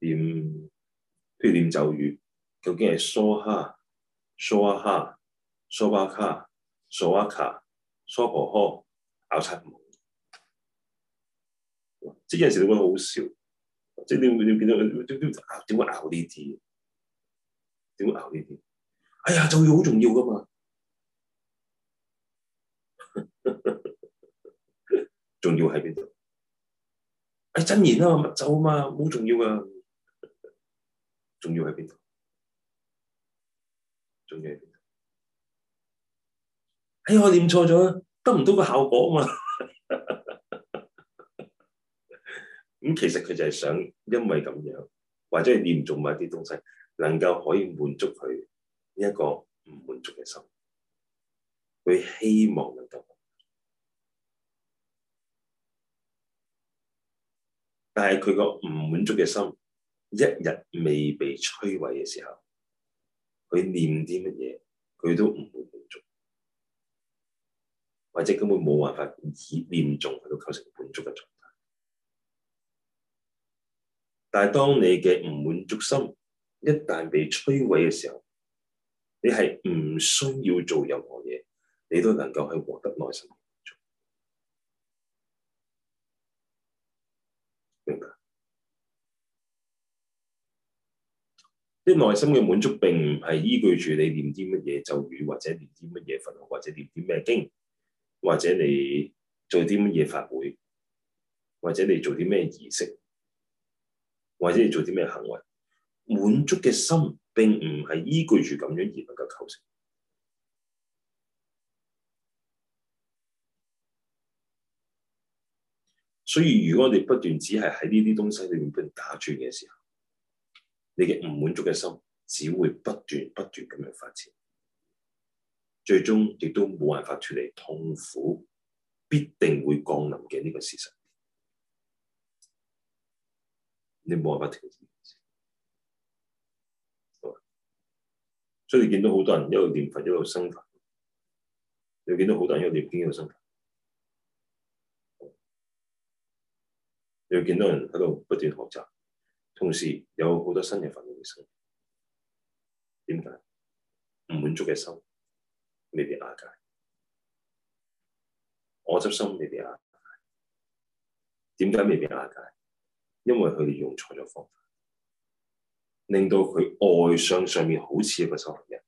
念，譬如念咒語。究竟係蘇哈、蘇亞哈、蘇巴卡、蘇亞卡、蘇婆呵、咬七毛，即係有陣時你會好笑，即係你你變咗點點點點點會咬呢啲？點會咬呢啲？哎呀，就會好重要噶嘛， 重要喺邊度？誒、哎、真言啊，密咒啊嘛，好重要啊，重要喺邊度？做嘢，哎我念錯咗，得唔到個效果啊嘛。咁 其實佢就係想，因為咁樣或者係念重埋一啲東西，能夠可以滿足佢呢一個唔滿足嘅心，佢希望能夠。但係佢個唔滿足嘅心，一日未被摧毀嘅時候。佢念啲乜嘢，佢都唔會滿足，或者根本冇辦法以念誦去到構成滿足嘅狀態。但係當你嘅唔滿足心一旦被摧毀嘅時候，你係唔需要做任何嘢，你都能夠去獲得內心。啲內心嘅滿足並唔係依據住你念啲乜嘢咒語，或者念啲乜嘢佛，或者念啲咩經，或者你做啲乜嘢法會，或者你做啲咩儀式，或者你做啲咩行為，滿足嘅心並唔係依據住咁樣而能夠構成。所以如果我哋不斷只係喺呢啲東西裏面不斷打轉嘅時候，你嘅唔滿足嘅心只會不斷不斷咁樣發展，最終亦都冇辦法脱離痛苦，必定會降臨嘅呢個事實，你冇辦法停止。所以你見到好多人一路念佛一路生佛，你會見到好多人一路念經一路生佛，你會見到你會見到人喺度不斷學習。同時有好多新人煩惱嘅生活，點解唔滿足嘅心未必瓦解？我執心未必瓦解？點解未必瓦解？因為佢哋用錯咗方法，令到佢外相上面好似一個修行人，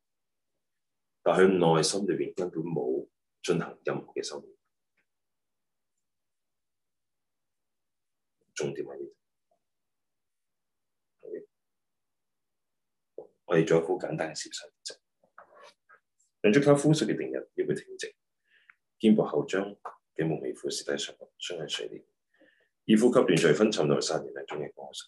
但佢內心裏邊根本冇進行任何嘅修煉。重點係呢度。我哋做一樖簡單嘅事實，兩隻卡呼色嘅定日要佢挺直，肩膊後張嘅木尾褲嘅時底上，將佢垂跌，以呼吸斷除昏沉掉散完兩種嘅過失。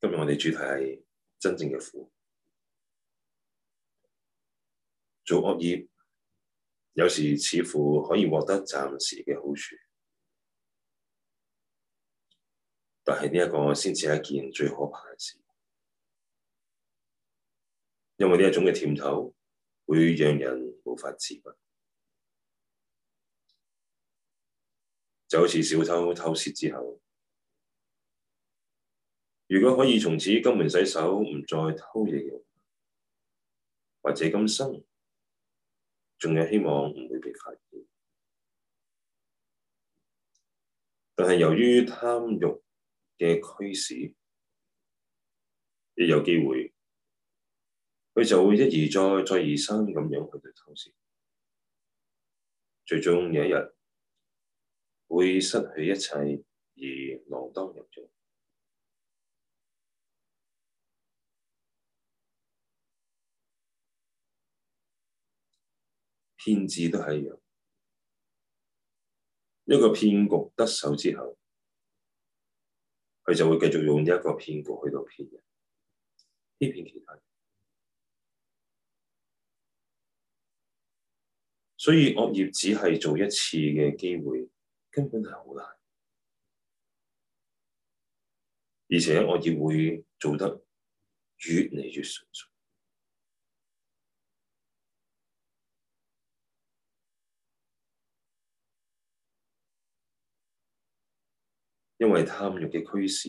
今日我哋主題係真正嘅苦，做惡業。有時似乎可以獲得暫時嘅好處，但係呢一個先至係一件最可怕嘅事，因為呢一種嘅甜頭會讓人無法自拔，就好似小偷偷竊之後，如果可以從此金盆洗手，唔再偷嘢嘅話，或者今生。仲有希望唔會被發現，但係由於貪欲嘅驅使，一有機會，佢就會一而再、再而三咁樣去偷竊。最終有一日會失去一切而鎯鐺入獄。騙子都係一樣，一個騙局得手之後，佢就會繼續用呢一個騙局去到騙人，欺騙其他人。所以惡業只係做一次嘅機會，根本係好難，而且惡業會做得越嚟越純熟。因為貪欲嘅驅使，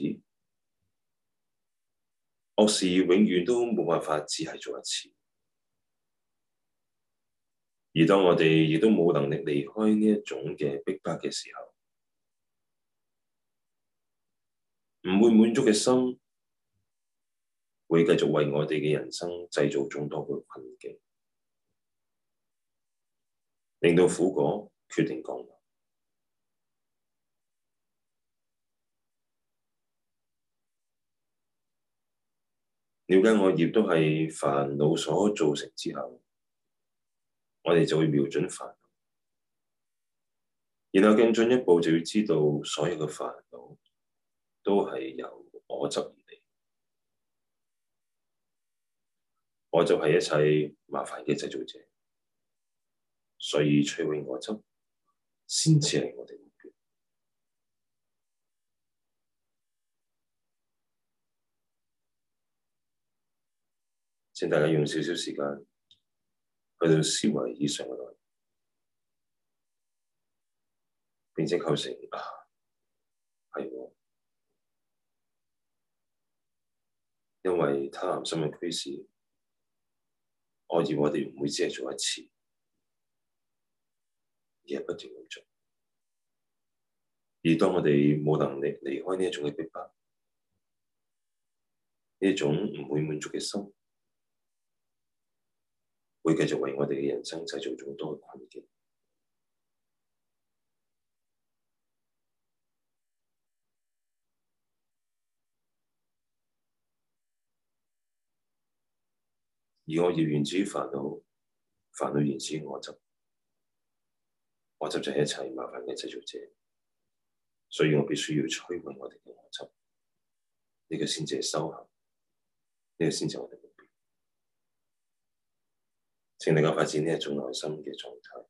惡事永遠都冇辦法只係做一次。而當我哋亦都冇能力離開呢一種嘅逼迫嘅時候，唔會滿足嘅心，會繼續為我哋嘅人生製造眾多嘅困境，令到苦果決定降臨。了解惡業都係煩惱所造成之後，我哋就會瞄準煩惱，然後更進一步就要知道，所有嘅煩惱都係由我執而嚟，我就係一切麻煩嘅製造者，所以摧毀我執先至係我哋。請大家用少少時間去到思維以上嘅內容，並且構成啊，係，因為貪婪心嘅驅使，我而我哋唔會只係做一次，而係不斷咁做。而當我哋冇能力離開呢一種嘅逼迫，呢一種唔會滿足嘅心，會繼續為我哋嘅人生製造眾多嘅困境，而我要源自煩惱，煩惱源自我執，我執就係一切麻煩嘅製造者，所以我必須要摧毀我哋嘅、這個這個、我執，呢個先至係修行，呢個先至係我哋。先能夠發展呢種內心嘅狀態，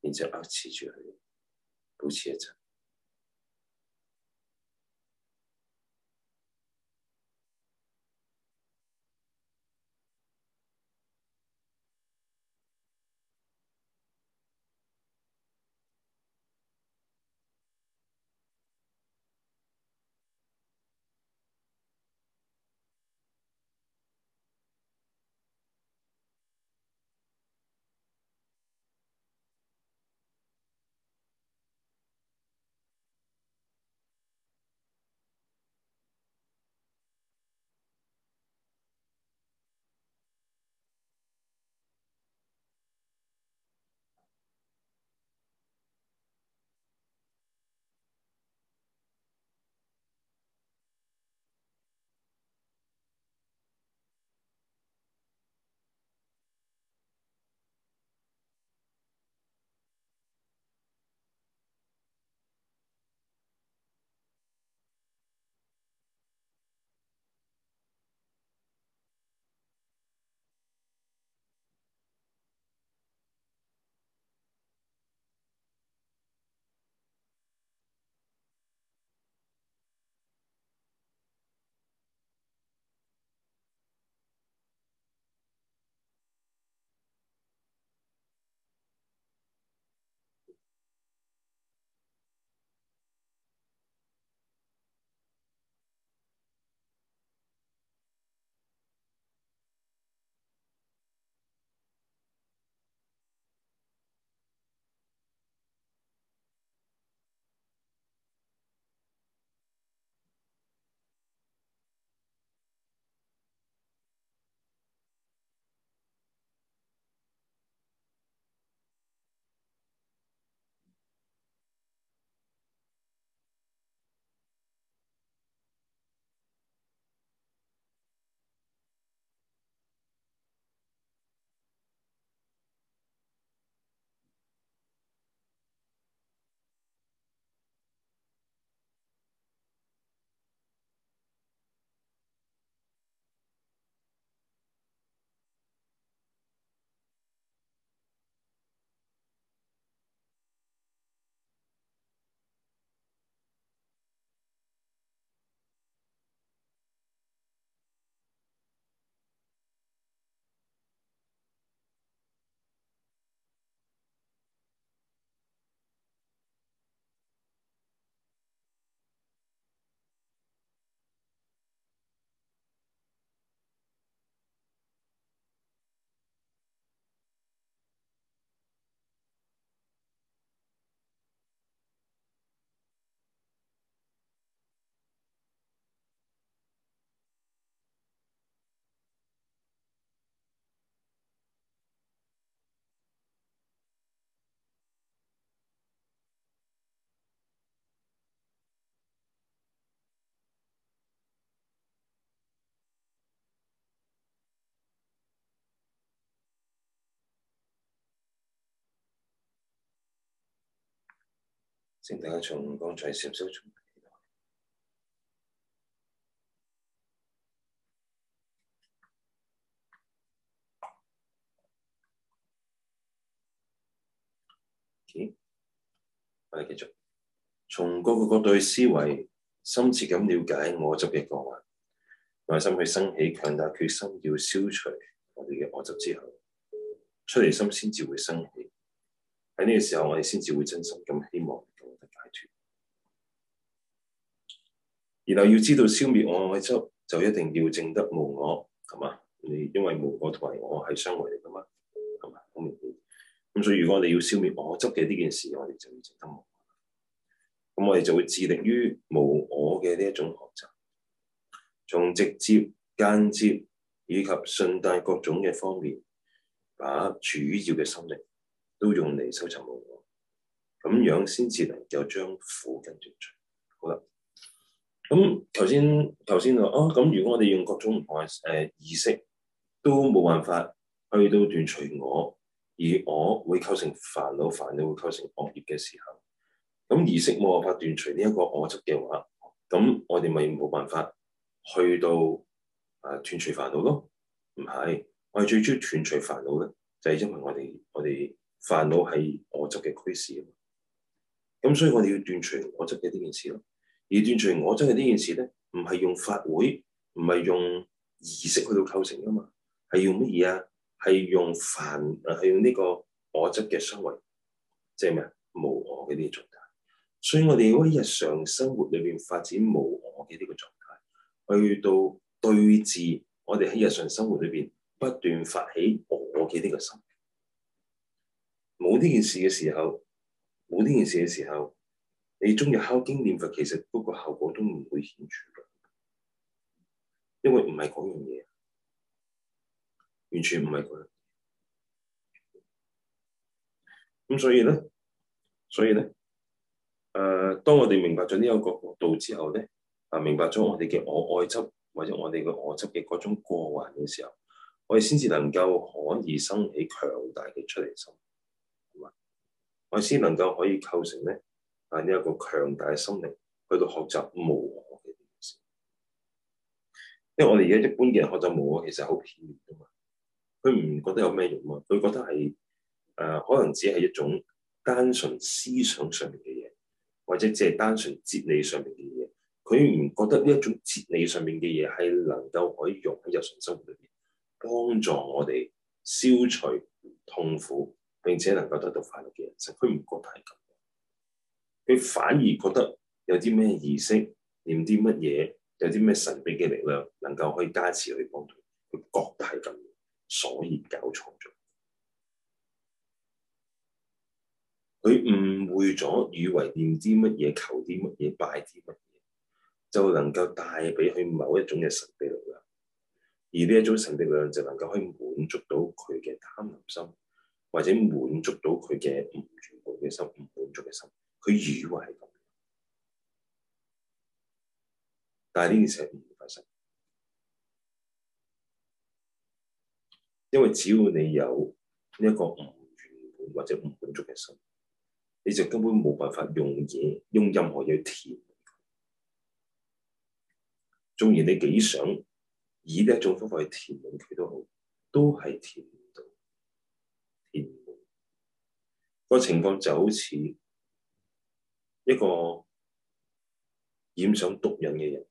然之後保持住佢，保持一陣。先睇下從剛才少少從，我哋繼續從各個個角度思維、深切咁了解我執嘅過患，內心去生起強大決心要，要消除我哋嘅惡習之後，出離心先至會生起。喺呢個時候，我哋先至會真心咁希望得到解脫。然後要知道消滅我嘅執，就一定要證得無我，係嘛？你因為無我同埋我係相違嚟噶嘛，咁啊好明顯。咁所以如果我哋要消滅我執嘅呢件事，我哋就要證得無我。咁我哋就會致力於無我嘅呢一種學習，從直接、間接以及順帶各種嘅方面，把主要嘅心力。都用嚟修習無我，咁樣先至能夠將苦根斷除。好啦，咁頭先頭先就啊，咁、哦、如果我哋用各種愛誒、呃、意識都冇辦法去到斷除我，而我會構成煩惱，煩惱會構成惡業嘅時候，咁意識冇辦法斷除呢一個我執嘅話，咁我哋咪冇辦法去到啊斷除煩惱咯？唔係，我哋最中意斷除煩惱咧，就係、是、因為我哋我哋。煩惱係我執嘅驅使嘛，咁所以我哋要斷除我執嘅呢件事咯。而斷除我執嘅呢件事咧，唔係用法會，唔係用儀式去到構成噶嘛，係用乜嘢啊？係用凡，係用呢個我執嘅修為，即係咩啊？無我嘅呢個狀態。所以我哋要喺日常生活裏邊發展無我嘅呢個狀態，去到對治我哋喺日常生活裏邊不斷發起我嘅呢個心。冇呢件事嘅時候，冇呢件事嘅時候，你中意敲經念佛，其實嗰個效果都唔會顯著嘅，因為唔係嗰樣嘢，完全唔係嗰樣嘢。咁所以咧，所以咧，誒、呃，當我哋明白咗呢一個角度之後咧，啊，明白咗我哋嘅我愛執，或者我哋嘅我執嘅各種過患嘅時候，我哋先至能夠可以生起強大嘅出離心。我先能夠可以構成咧，啊呢一個強大嘅心靈去到學習無我嘅嘢。因為我哋而家一般嘅人學習無我其實好片面噶嘛，佢唔覺得有咩用啊，佢覺得係誒、呃、可能只係一種單純思想上面嘅嘢，或者只係單純哲理上面嘅嘢，佢唔覺得呢一種哲理上面嘅嘢係能夠可以用喺日常生活裏邊幫助我哋消除痛苦。並且能夠得到快樂嘅人生，佢唔覺得係咁，佢反而覺得有啲咩儀式，念啲乜嘢，有啲咩神秘嘅力量，能夠可以加持去幫佢。佢覺得係咁，所以搞錯咗。佢誤會咗，以為念啲乜嘢、求啲乜嘢、拜啲乜嘢，就能夠帶俾佢某一種嘅神秘力量，而呢一種神秘力量就能夠可以滿足到佢嘅貪婪心。或者滿足到佢嘅唔完整嘅心，唔滿足嘅心，佢以為係咁，但係呢件事係唔會發生，因為只要你有呢一個唔完整或者唔滿足嘅心，你就根本冇辦法用嘢、用任何嘢去填，縱然你幾想以呢一種方法去填滿佢都好，都係填。個情況就好似一個染上毒癮嘅人，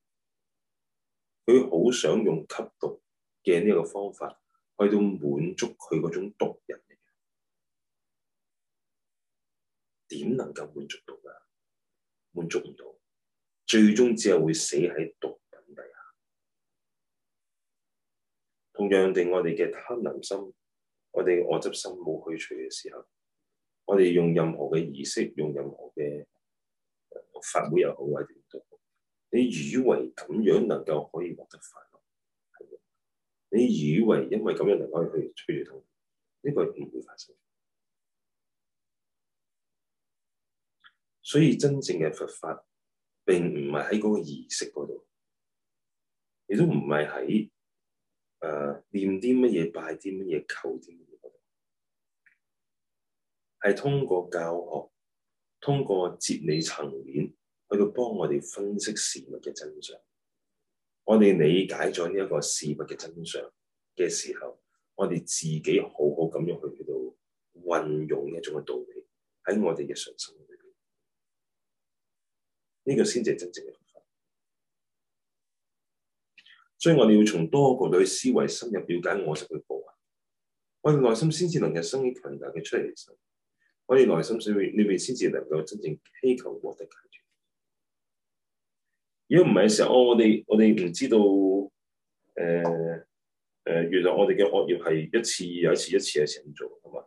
佢好想用吸毒嘅呢個方法去到滿足佢嗰種毒癮嚟，點能夠滿足到噶？滿足唔到，最終只係會死喺毒品底下。同樣地，我哋嘅貪婪心、我哋我執心冇去除嘅時候。我哋用任何嘅儀式，用任何嘅法會又好，或者都好，你以為咁樣能夠可以獲得快樂，係嘅。你以為因為咁樣能夠去催住痛，呢個唔會發生。所以真正嘅佛法並唔係喺嗰個儀式嗰度，亦都唔係喺誒唸啲乜嘢，拜啲乜嘢，求啲乜嘢。係通過教學，通過哲理層面去到幫我哋分析事物嘅真相。我哋理解咗呢一個事物嘅真相嘅時候，我哋自己好好咁樣去到運用一種嘅道理喺我哋嘅日常生活裏邊，呢個先至係真正嘅學法。所以我哋要從多個嘅思維深入了解我執嘅部分，我哋內心先至能夠生起強大嘅出離心我哋內心裏面，你咪先至能夠真正希求獲得解決。如果唔係嘅時候，我哋我哋唔知道，誒、呃、誒、呃，原來我哋嘅惡業係一次又一次、一次一次咁做，係嘛？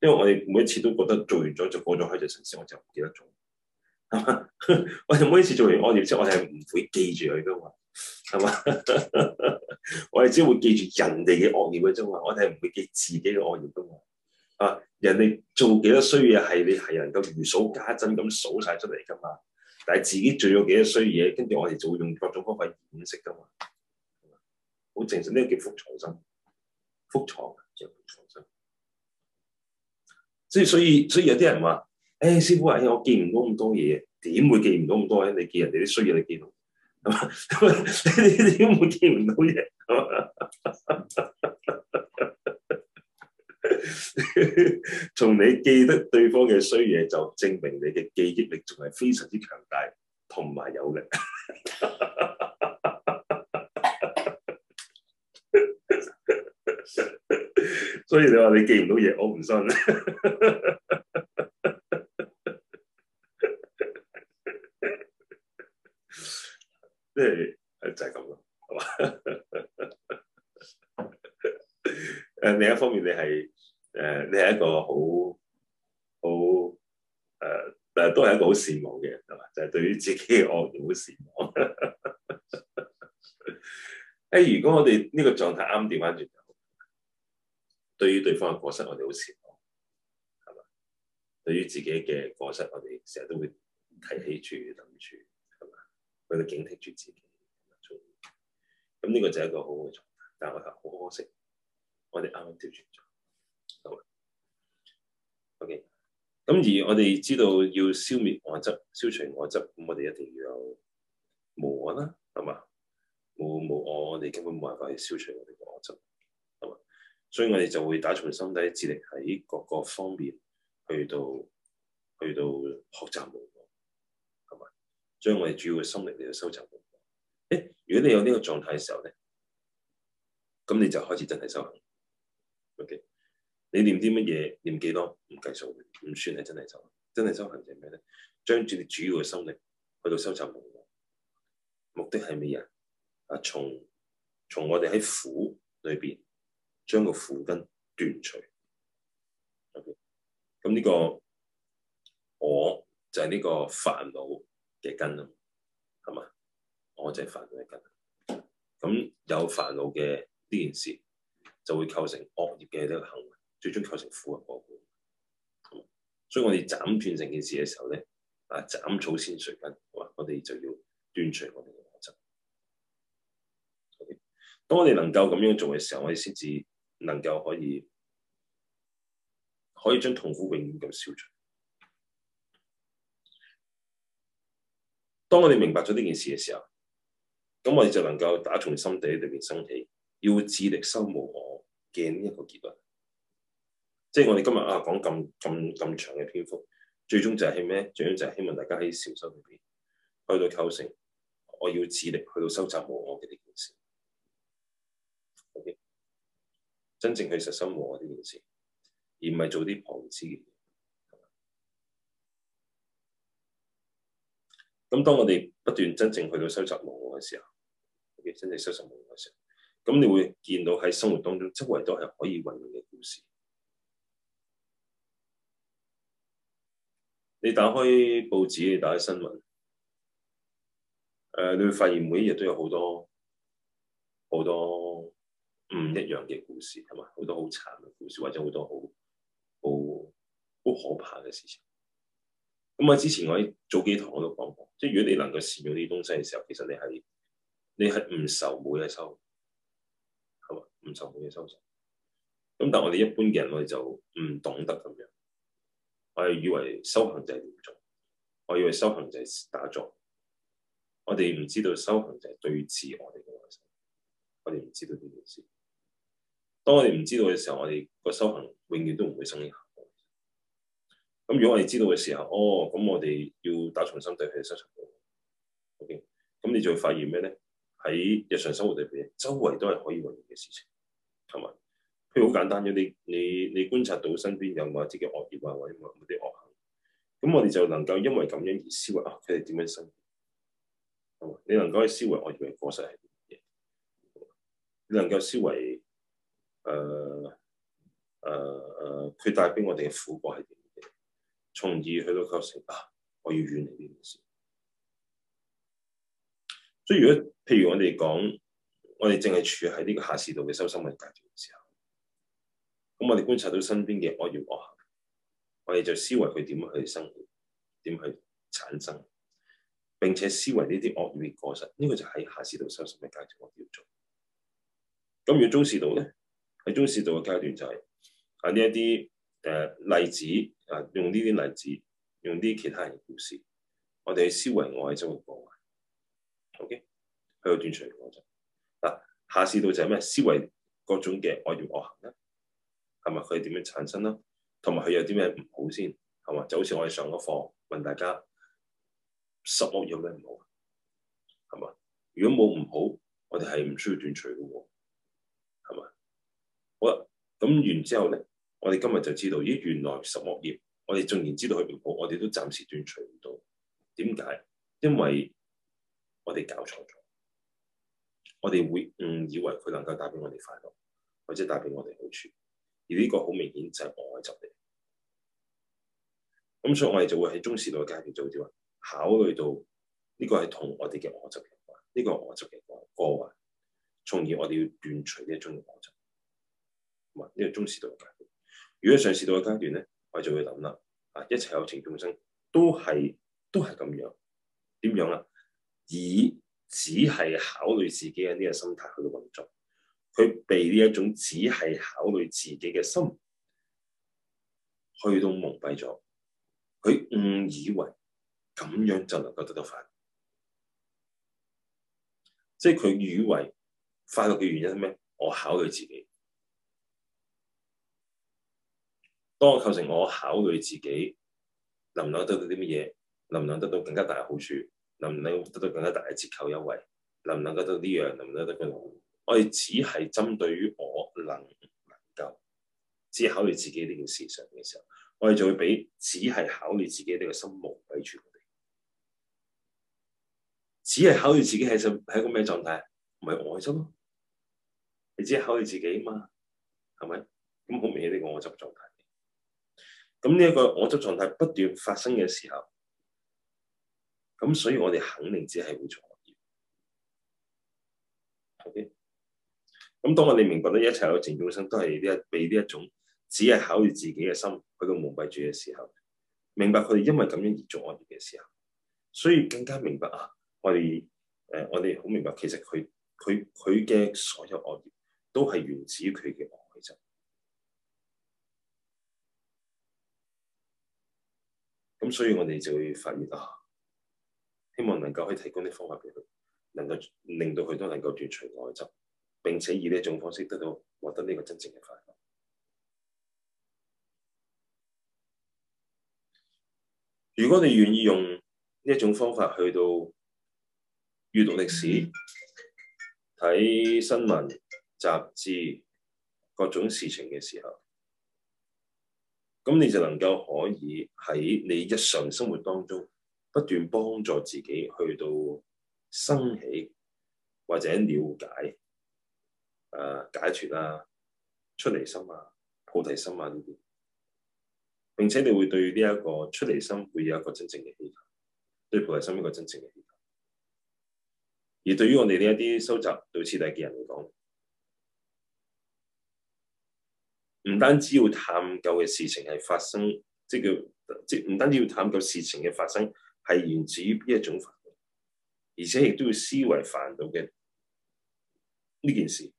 因為我哋每一次都覺得做完咗就過咗去城市，就神識我就唔記得咗，係嘛？ 我哋每一次做完惡業之後，我哋係唔會記住佢嘅嘛，係嘛？ 我哋只會記住人哋嘅惡業嘅啫嘛，我哋係唔會記自己嘅惡業嘅嘛。啊！人哋做幾多衰嘢係你係能夠如數家珍咁數晒出嚟噶嘛？但係自己做咗幾多衰嘢，跟住我哋就會用各種方法掩飾噶嘛。好正常，呢個叫複藏心，複藏即叫複藏心。即係所以，所以有啲人話，誒、欸、師傅啊、欸，我記唔到咁多嘢，點會記唔到咁多嘢？你記人哋啲衰嘢，你記到，咁啊？ 你你點會記唔到嘢。 從 你記得對方嘅衰嘢，就證明你嘅記憶力仲係非常之強大同埋有力。所以你話你記唔到嘢，我唔信。即係，就係咁咯，係嘛？誒，另一方面，你係。誒，uh, 你係一個好好誒，但、呃、都係一個好善忘嘅人，係嘛？就係、是、對於自己嘅惡，好善忘。誒， 如果我哋呢個狀態啱調翻轉，對於對方嘅過失，我哋好善忘，係嘛？對於自己嘅過失，我哋成日都會提起住諗住，係嘛？去警惕住自己。咁呢個就係一個好好嘅狀態，但係我哋好可惜，我哋啱啱調轉咗。好，OK。咁而我哋知道要消滅我執、消除我執，咁我哋一定要有無我啦，係嘛？冇冇我，我哋根本冇辦法去消除我哋嘅我執，係嘛？所以我哋就會打從心底致力喺各個方面去，去到去到學習無我，係嘛？將我哋主要嘅心力嚟到修習無我。誒，如果你有呢個狀態嘅時候咧，咁你就開始真係修行，OK。你念啲乜嘢？念幾多？唔計數，唔算係真係修行。真係修行係咩咧？將住你主要嘅心力去到修習無我，目的係乜嘢啊？啊，從從我哋喺苦裏邊將個苦根斷除。咁、okay? 呢個我就係呢個煩惱嘅根啦，係嘛？我就係煩惱嘅根。咁有煩惱嘅呢件事就會構成惡業嘅呢個行為。最終構成複合波段，嗯，所以我哋斬斷成件事嘅時候咧，啊，斬草先除根，啊，我哋就要斷除我哋嘅我執。當我哋能夠咁樣做嘅時候，我哋先至能夠可以可以將痛苦永遠咁消除。當我哋明白咗呢件事嘅時候，咁我哋就能夠打從心底裏邊生起，要致力修無我嘅呢一個結論。即係我哋今日啊，講咁咁咁長嘅篇幅，最終就係希咩？最終就係希望大家喺小修裏邊，去到構成我要致力去到修習無我嘅呢件事。O.K. 真正去實修無我呢件事，而唔係做啲旁枝嘅嘢。咁當我哋不斷真正去到修習無我嘅時候 O.K. 真正修習無我嘅時候，咁你會見到喺生活當中，周圍都係可以運用嘅故事。你打開報紙，你打開新聞，誒、呃，你會發現每一日都有好多好多唔一樣嘅故事，係嘛？好多好慘嘅故事，或者好多好好好可怕嘅事情。咁、嗯、啊，之前我喺早幾堂我都講過，即係如果你能夠善用呢啲東西嘅時候，其實你係你係唔愁冇嘢收，係嘛？唔愁冇嘢收成。咁、嗯、但係我哋一般嘅人，我哋就唔懂得咁樣。我哋以為修行就係念咒，我以為修行就係打坐，我哋唔知道修行就係對治我哋嘅內心，我哋唔知道呢件事。當我哋唔知道嘅時候，我哋個修行永遠都唔會生起行動。咁如果我哋知道嘅時候，哦，咁我哋要打從心底對待日常生活。O.K.，咁你就會發現咩咧？喺日常生活入邊，周圍都係可以運用嘅事情。同埋。好簡單嘅，你你你觀察到身邊有冇一啲嘅惡業啊，或者某啲惡行，咁我哋就能夠因為咁樣而思維啊，佢哋點樣生？你能夠思維，我以為過失係點嘅？你能夠思維誒誒誒，佢、呃呃啊、帶俾我哋嘅苦果係點嘅？從而去到構成啊，我要遠離呢件事。所以如果譬如我哋講，我哋淨係處喺呢個下士道嘅修心嘅階段嘅時候。咁我哋觀察到身邊嘅惡業惡行，我哋就思維佢點去生活，點去產生，並且思維呢啲惡業嘅過失。呢、這個就喺下士道修心嘅階段我哋要做。咁如果中士道咧，喺、嗯、中士道嘅階段就係喺呢一啲誒、呃、例子啊，用呢啲例子，用啲其他人嘅故事，我哋思維我執嘅過失。OK，、嗯、吧去斷除過失。嗱、啊，下士道就係咩？思維各種嘅惡業惡行咧。係咪佢點樣產生啦？同埋佢有啲咩唔好先？係嘛，就好似我哋上咗課問大家，十惡業有咩唔好啊？係嘛，如果冇唔好，我哋係唔需要斷除嘅喎，係嘛？好啦，咁完之後咧，我哋今日就知道咦，原來十惡業，我哋縱然知道佢唔好，我哋都暫時斷除唔到。點解？因為我哋搞錯咗，我哋會誤以為佢能夠帶俾我哋快樂，或者帶俾我哋好處。而呢個好明顯就係我執嚟。咁所以我哋就會喺中士道嘅階段做啲點考慮到呢、這個係同我哋嘅我執嘅關，呢、這個我執嘅過患，從而我哋要斷除呢、這個中嘅我執。唔係呢個中士道嘅階段，如果上士道嘅階段咧，我哋就會諗啦，啊一切有情眾生都係都係咁樣，點樣啊？以只係考慮自己嘅呢個心態去到運作。佢被呢一種只係考慮自己嘅心去到蒙蔽咗，佢誤以為咁樣就能夠得到快樂，即係佢以為快樂嘅原因係咩？我考慮自己，當我構成我考慮自己，能唔能得到啲乜嘢？能唔能得到更加大嘅好處？能唔能得到更加大嘅折扣優惠？能唔能夠得到呢樣？能唔能得到樣？我哋只係針對於我能能夠，只考慮自己呢件事上嘅時候，我哋就會俾只係考慮自己呢個心蒙蔽住我哋，只係考慮自己係就係一個咩狀態？唔係我執咯，你只考慮自己啊嘛，係咪？咁好明顯呢個我執狀態。咁呢一個我執狀態不斷發生嘅時候，咁所以我哋肯定只係會造業。O K。咁當我哋明白到一切有情眾生都係啲一被呢一種只係考慮自己嘅心去到蒙蔽住嘅時候，明白佢哋因為咁樣而做惡業嘅時候，所以更加明白啊！我哋誒、呃，我哋好明白，其實佢佢佢嘅所有惡業都係源自於佢嘅愛執。咁所以我哋就會發現啊，希望能夠可以提供啲方法俾佢，能夠令到佢都能夠斷除愛執。並且以呢一種方式得到獲得呢個真正嘅快樂。如果你願意用呢一種方法去到閱讀歷史、睇新聞、雜誌各種事情嘅時候，咁你就能夠可以喺你日常生活當中不斷幫助自己去到生起或者了解。誒、啊，解脫啊，出離心啊，菩提心啊呢啲，並且你會對呢、這、一個出離心會有一個真正嘅理解，對菩提心一個真正嘅理解。而對於我哋呢一啲修習道次第嘅人嚟講，唔單止要探究嘅事情係發生，即、就是、叫即唔、就是、單止要探究事情嘅發生係源自於邊一種煩惱，而且亦都要思維煩惱嘅呢件事。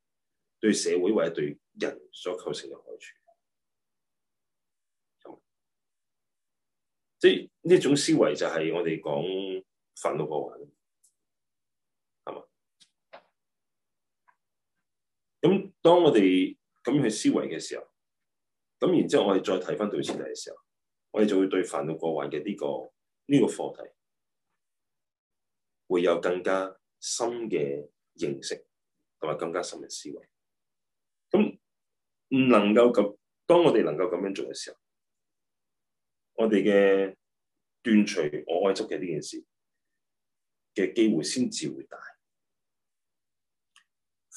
對社會或者對人所構成嘅害處，咁即係呢一種思維就係我哋講煩惱過患，係嘛？咁當我哋咁去思維嘅時候，咁然之後我哋再睇翻道次第嘅時候，我哋就會對煩惱過患嘅呢、這個呢、這個課題會有更加深嘅認識，同埋更加深嘅思維。唔能夠咁，當我哋能夠咁樣做嘅時候，我哋嘅斷除我愛執嘅呢件事嘅機會先至會大，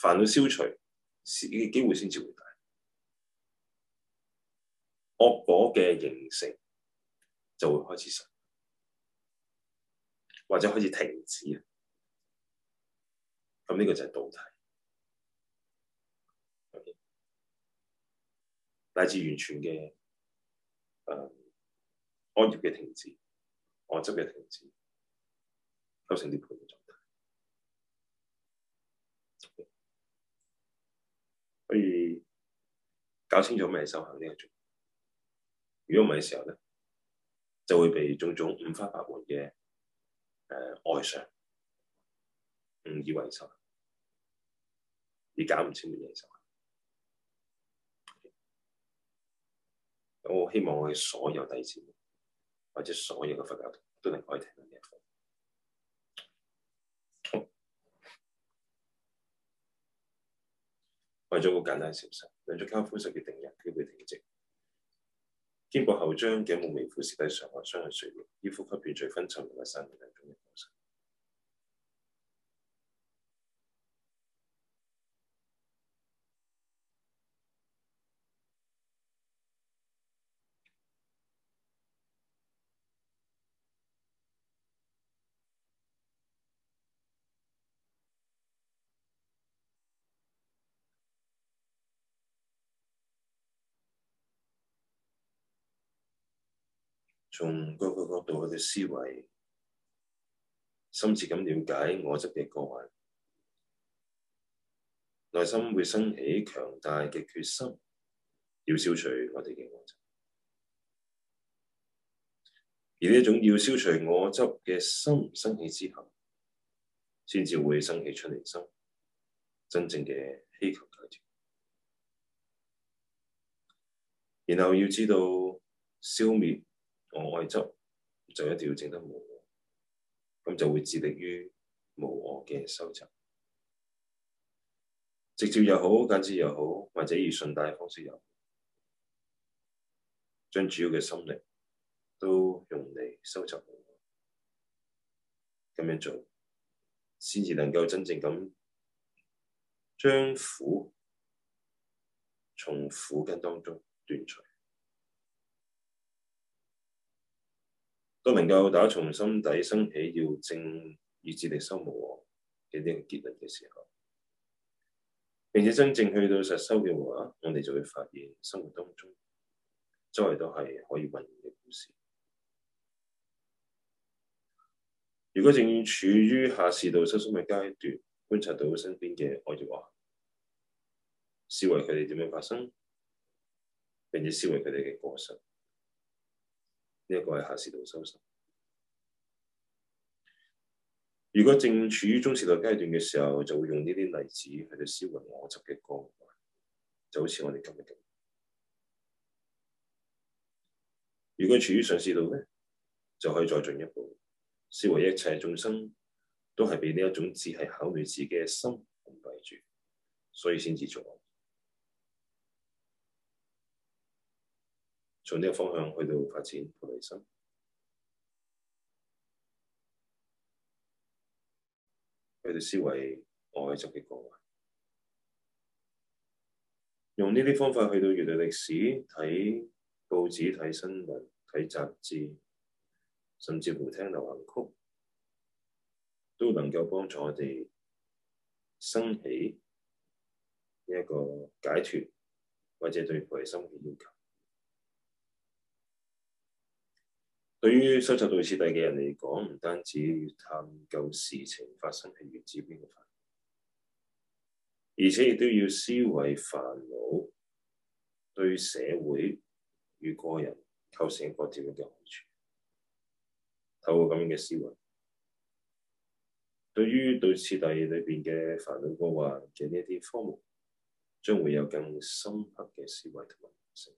煩惱消除，呢個機會先至會大，惡果嘅形成就會開始少，或者開始停止啊！咁呢個就係道諦。乃至完全嘅誒、呃、惡業嘅停止，我執嘅停止，構成涅槃嘅狀態。Okay. 可以搞清楚咩係修行呢一種，如果唔係嘅時候咧，就會被種種五花八門嘅誒外相誤以為修，而搞唔清乜嘢修。我希望我哋所有弟子，或者所有嘅佛教徒，都能可以聽到呢 一課。為咗個簡單嘅事實，兩隻交夫複雜嘅定義都會停職。肩部後張，頸部微俯，舌底上岸，雙下垂落，以呼吸變最昏沉嘅三種嘅方式。從各個角度去嘅思維，深切咁了解我執嘅過患，內心會升起強大嘅決心，要消除我哋嘅我執。而呢一種要消除我執嘅心生起之後，先至會生起出離心，真正嘅希求解脫。然後要知道消滅我執就一定要證得無我，咁就會致力於無我嘅修習，直接又好，間接又好，或者以順帶方式又好，將主要嘅心力都用嚟修習無我，咁樣做先至能夠真正咁將苦從苦根當中斷除。都能夠打從心底生起要正以致力修無我嘅呢個結論嘅時候，並且真正去到實修嘅話，我哋就會發現生活當中周圍都係可以運用嘅故事。如果正處於下士道修心嘅階段，觀察到身邊嘅惡業話，思維佢哋點樣發生，並且思維佢哋嘅過失。呢個係下士道修習。如果正處於中士道階段嘅時候，就會用呢啲例子去到思維我執嘅過，就好似我哋今日咁。如果處於上士道呢，就可以再進一步，思維一切眾生都係被呢一種只係考慮自己嘅心控制住，所以先至做從呢個方向去到發展菩提心，佢哋思維我執嘅過患，用呢啲方法去到閱讀歷，歷史、睇報紙、睇新聞、睇雜誌，甚至乎聽流行曲，都能夠幫助我哋生起呢一個解脫或者對菩提心嘅要求。對於修習道次第嘅人嚟講，唔單止要探究事情發生係源自邊個煩惱，而且亦都要思維煩惱對社會與個人構成一個點樣嘅好處。透過咁樣嘅思維，對於道次第裏邊嘅煩惱過患嘅呢一啲科目，將會有更深刻嘅思維同埋理性。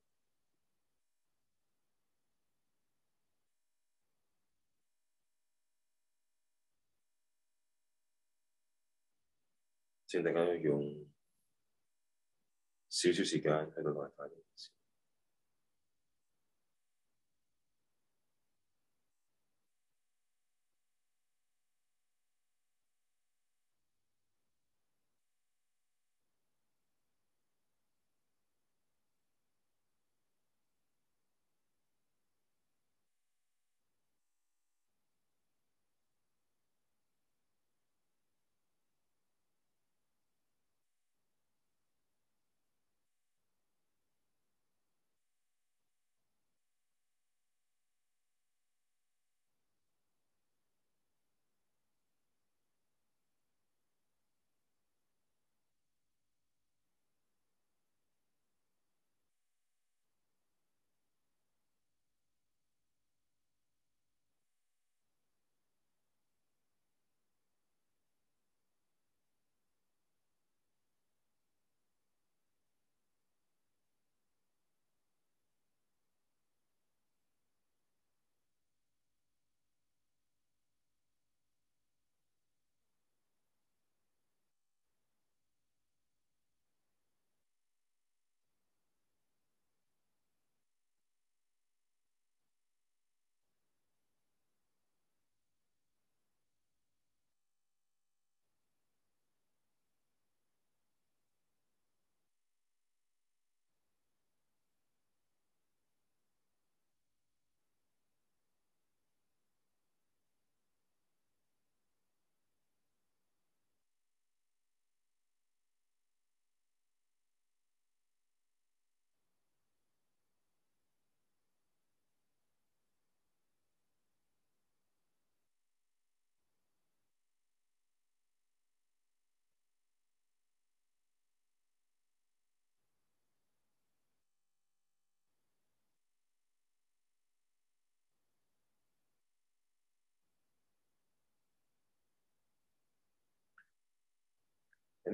請大家用少少時間喺度內快啲。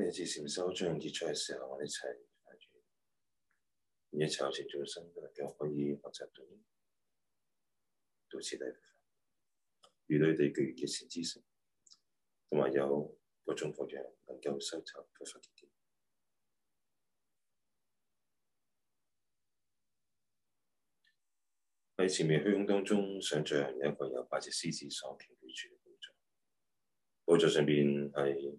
你哋禪修將結束嘅時候，我哋一齊，跟住，與一切有情眾生都可以學習到，到此地步，與你哋結緣嘅先知識，同埋有，有各種佛樣能夠收集、開發、結緣。喺前面虛空當中，想象一個有八隻獅子所居住嘅寶座，寶座上邊係。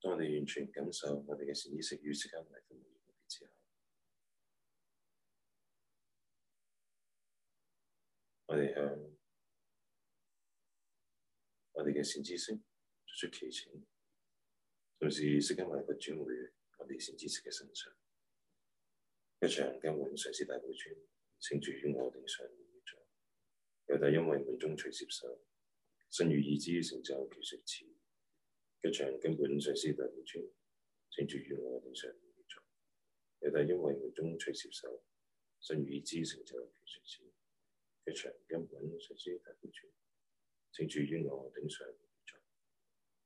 當我哋完全感受我哋嘅善知識與時間埋伏嘅完美之後，我哋向我哋嘅善知識作出祈請，同時釋解埋個尊會我哋善知識嘅身上，一場根本上是大悲尊勝住於我哋定常現象，就係因為終隨接受，信如已知成就其實次。一場根本上師特別穿，正注意我頂上而坐，又但因為門中出攝受，信如意知成就其殊勝。一場根本上師特別穿，正注意我頂上而坐，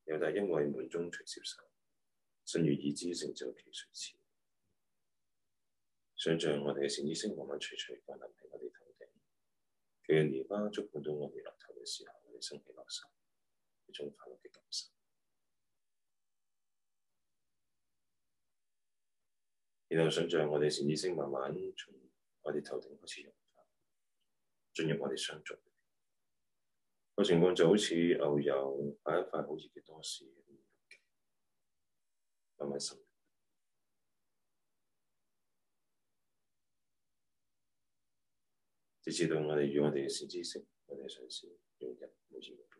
又但因為門中出攝受，信如意知成就其殊勝。想象我哋嘅善知識慢慢徐徐降臨喺我哋頭頂，佢嘅蓮花觸碰到我哋頭嘅時候，我哋升起一種快樂嘅感受。然後想象我哋嘅善知識慢慢從我哋頭頂開始融化，進入我哋相續。這個情況就好似牛油擺喺一塊好熱嘅多士咁樣，咁咪滲入。直至到我哋與我哋嘅善知識，我哋嘗試融入，好似。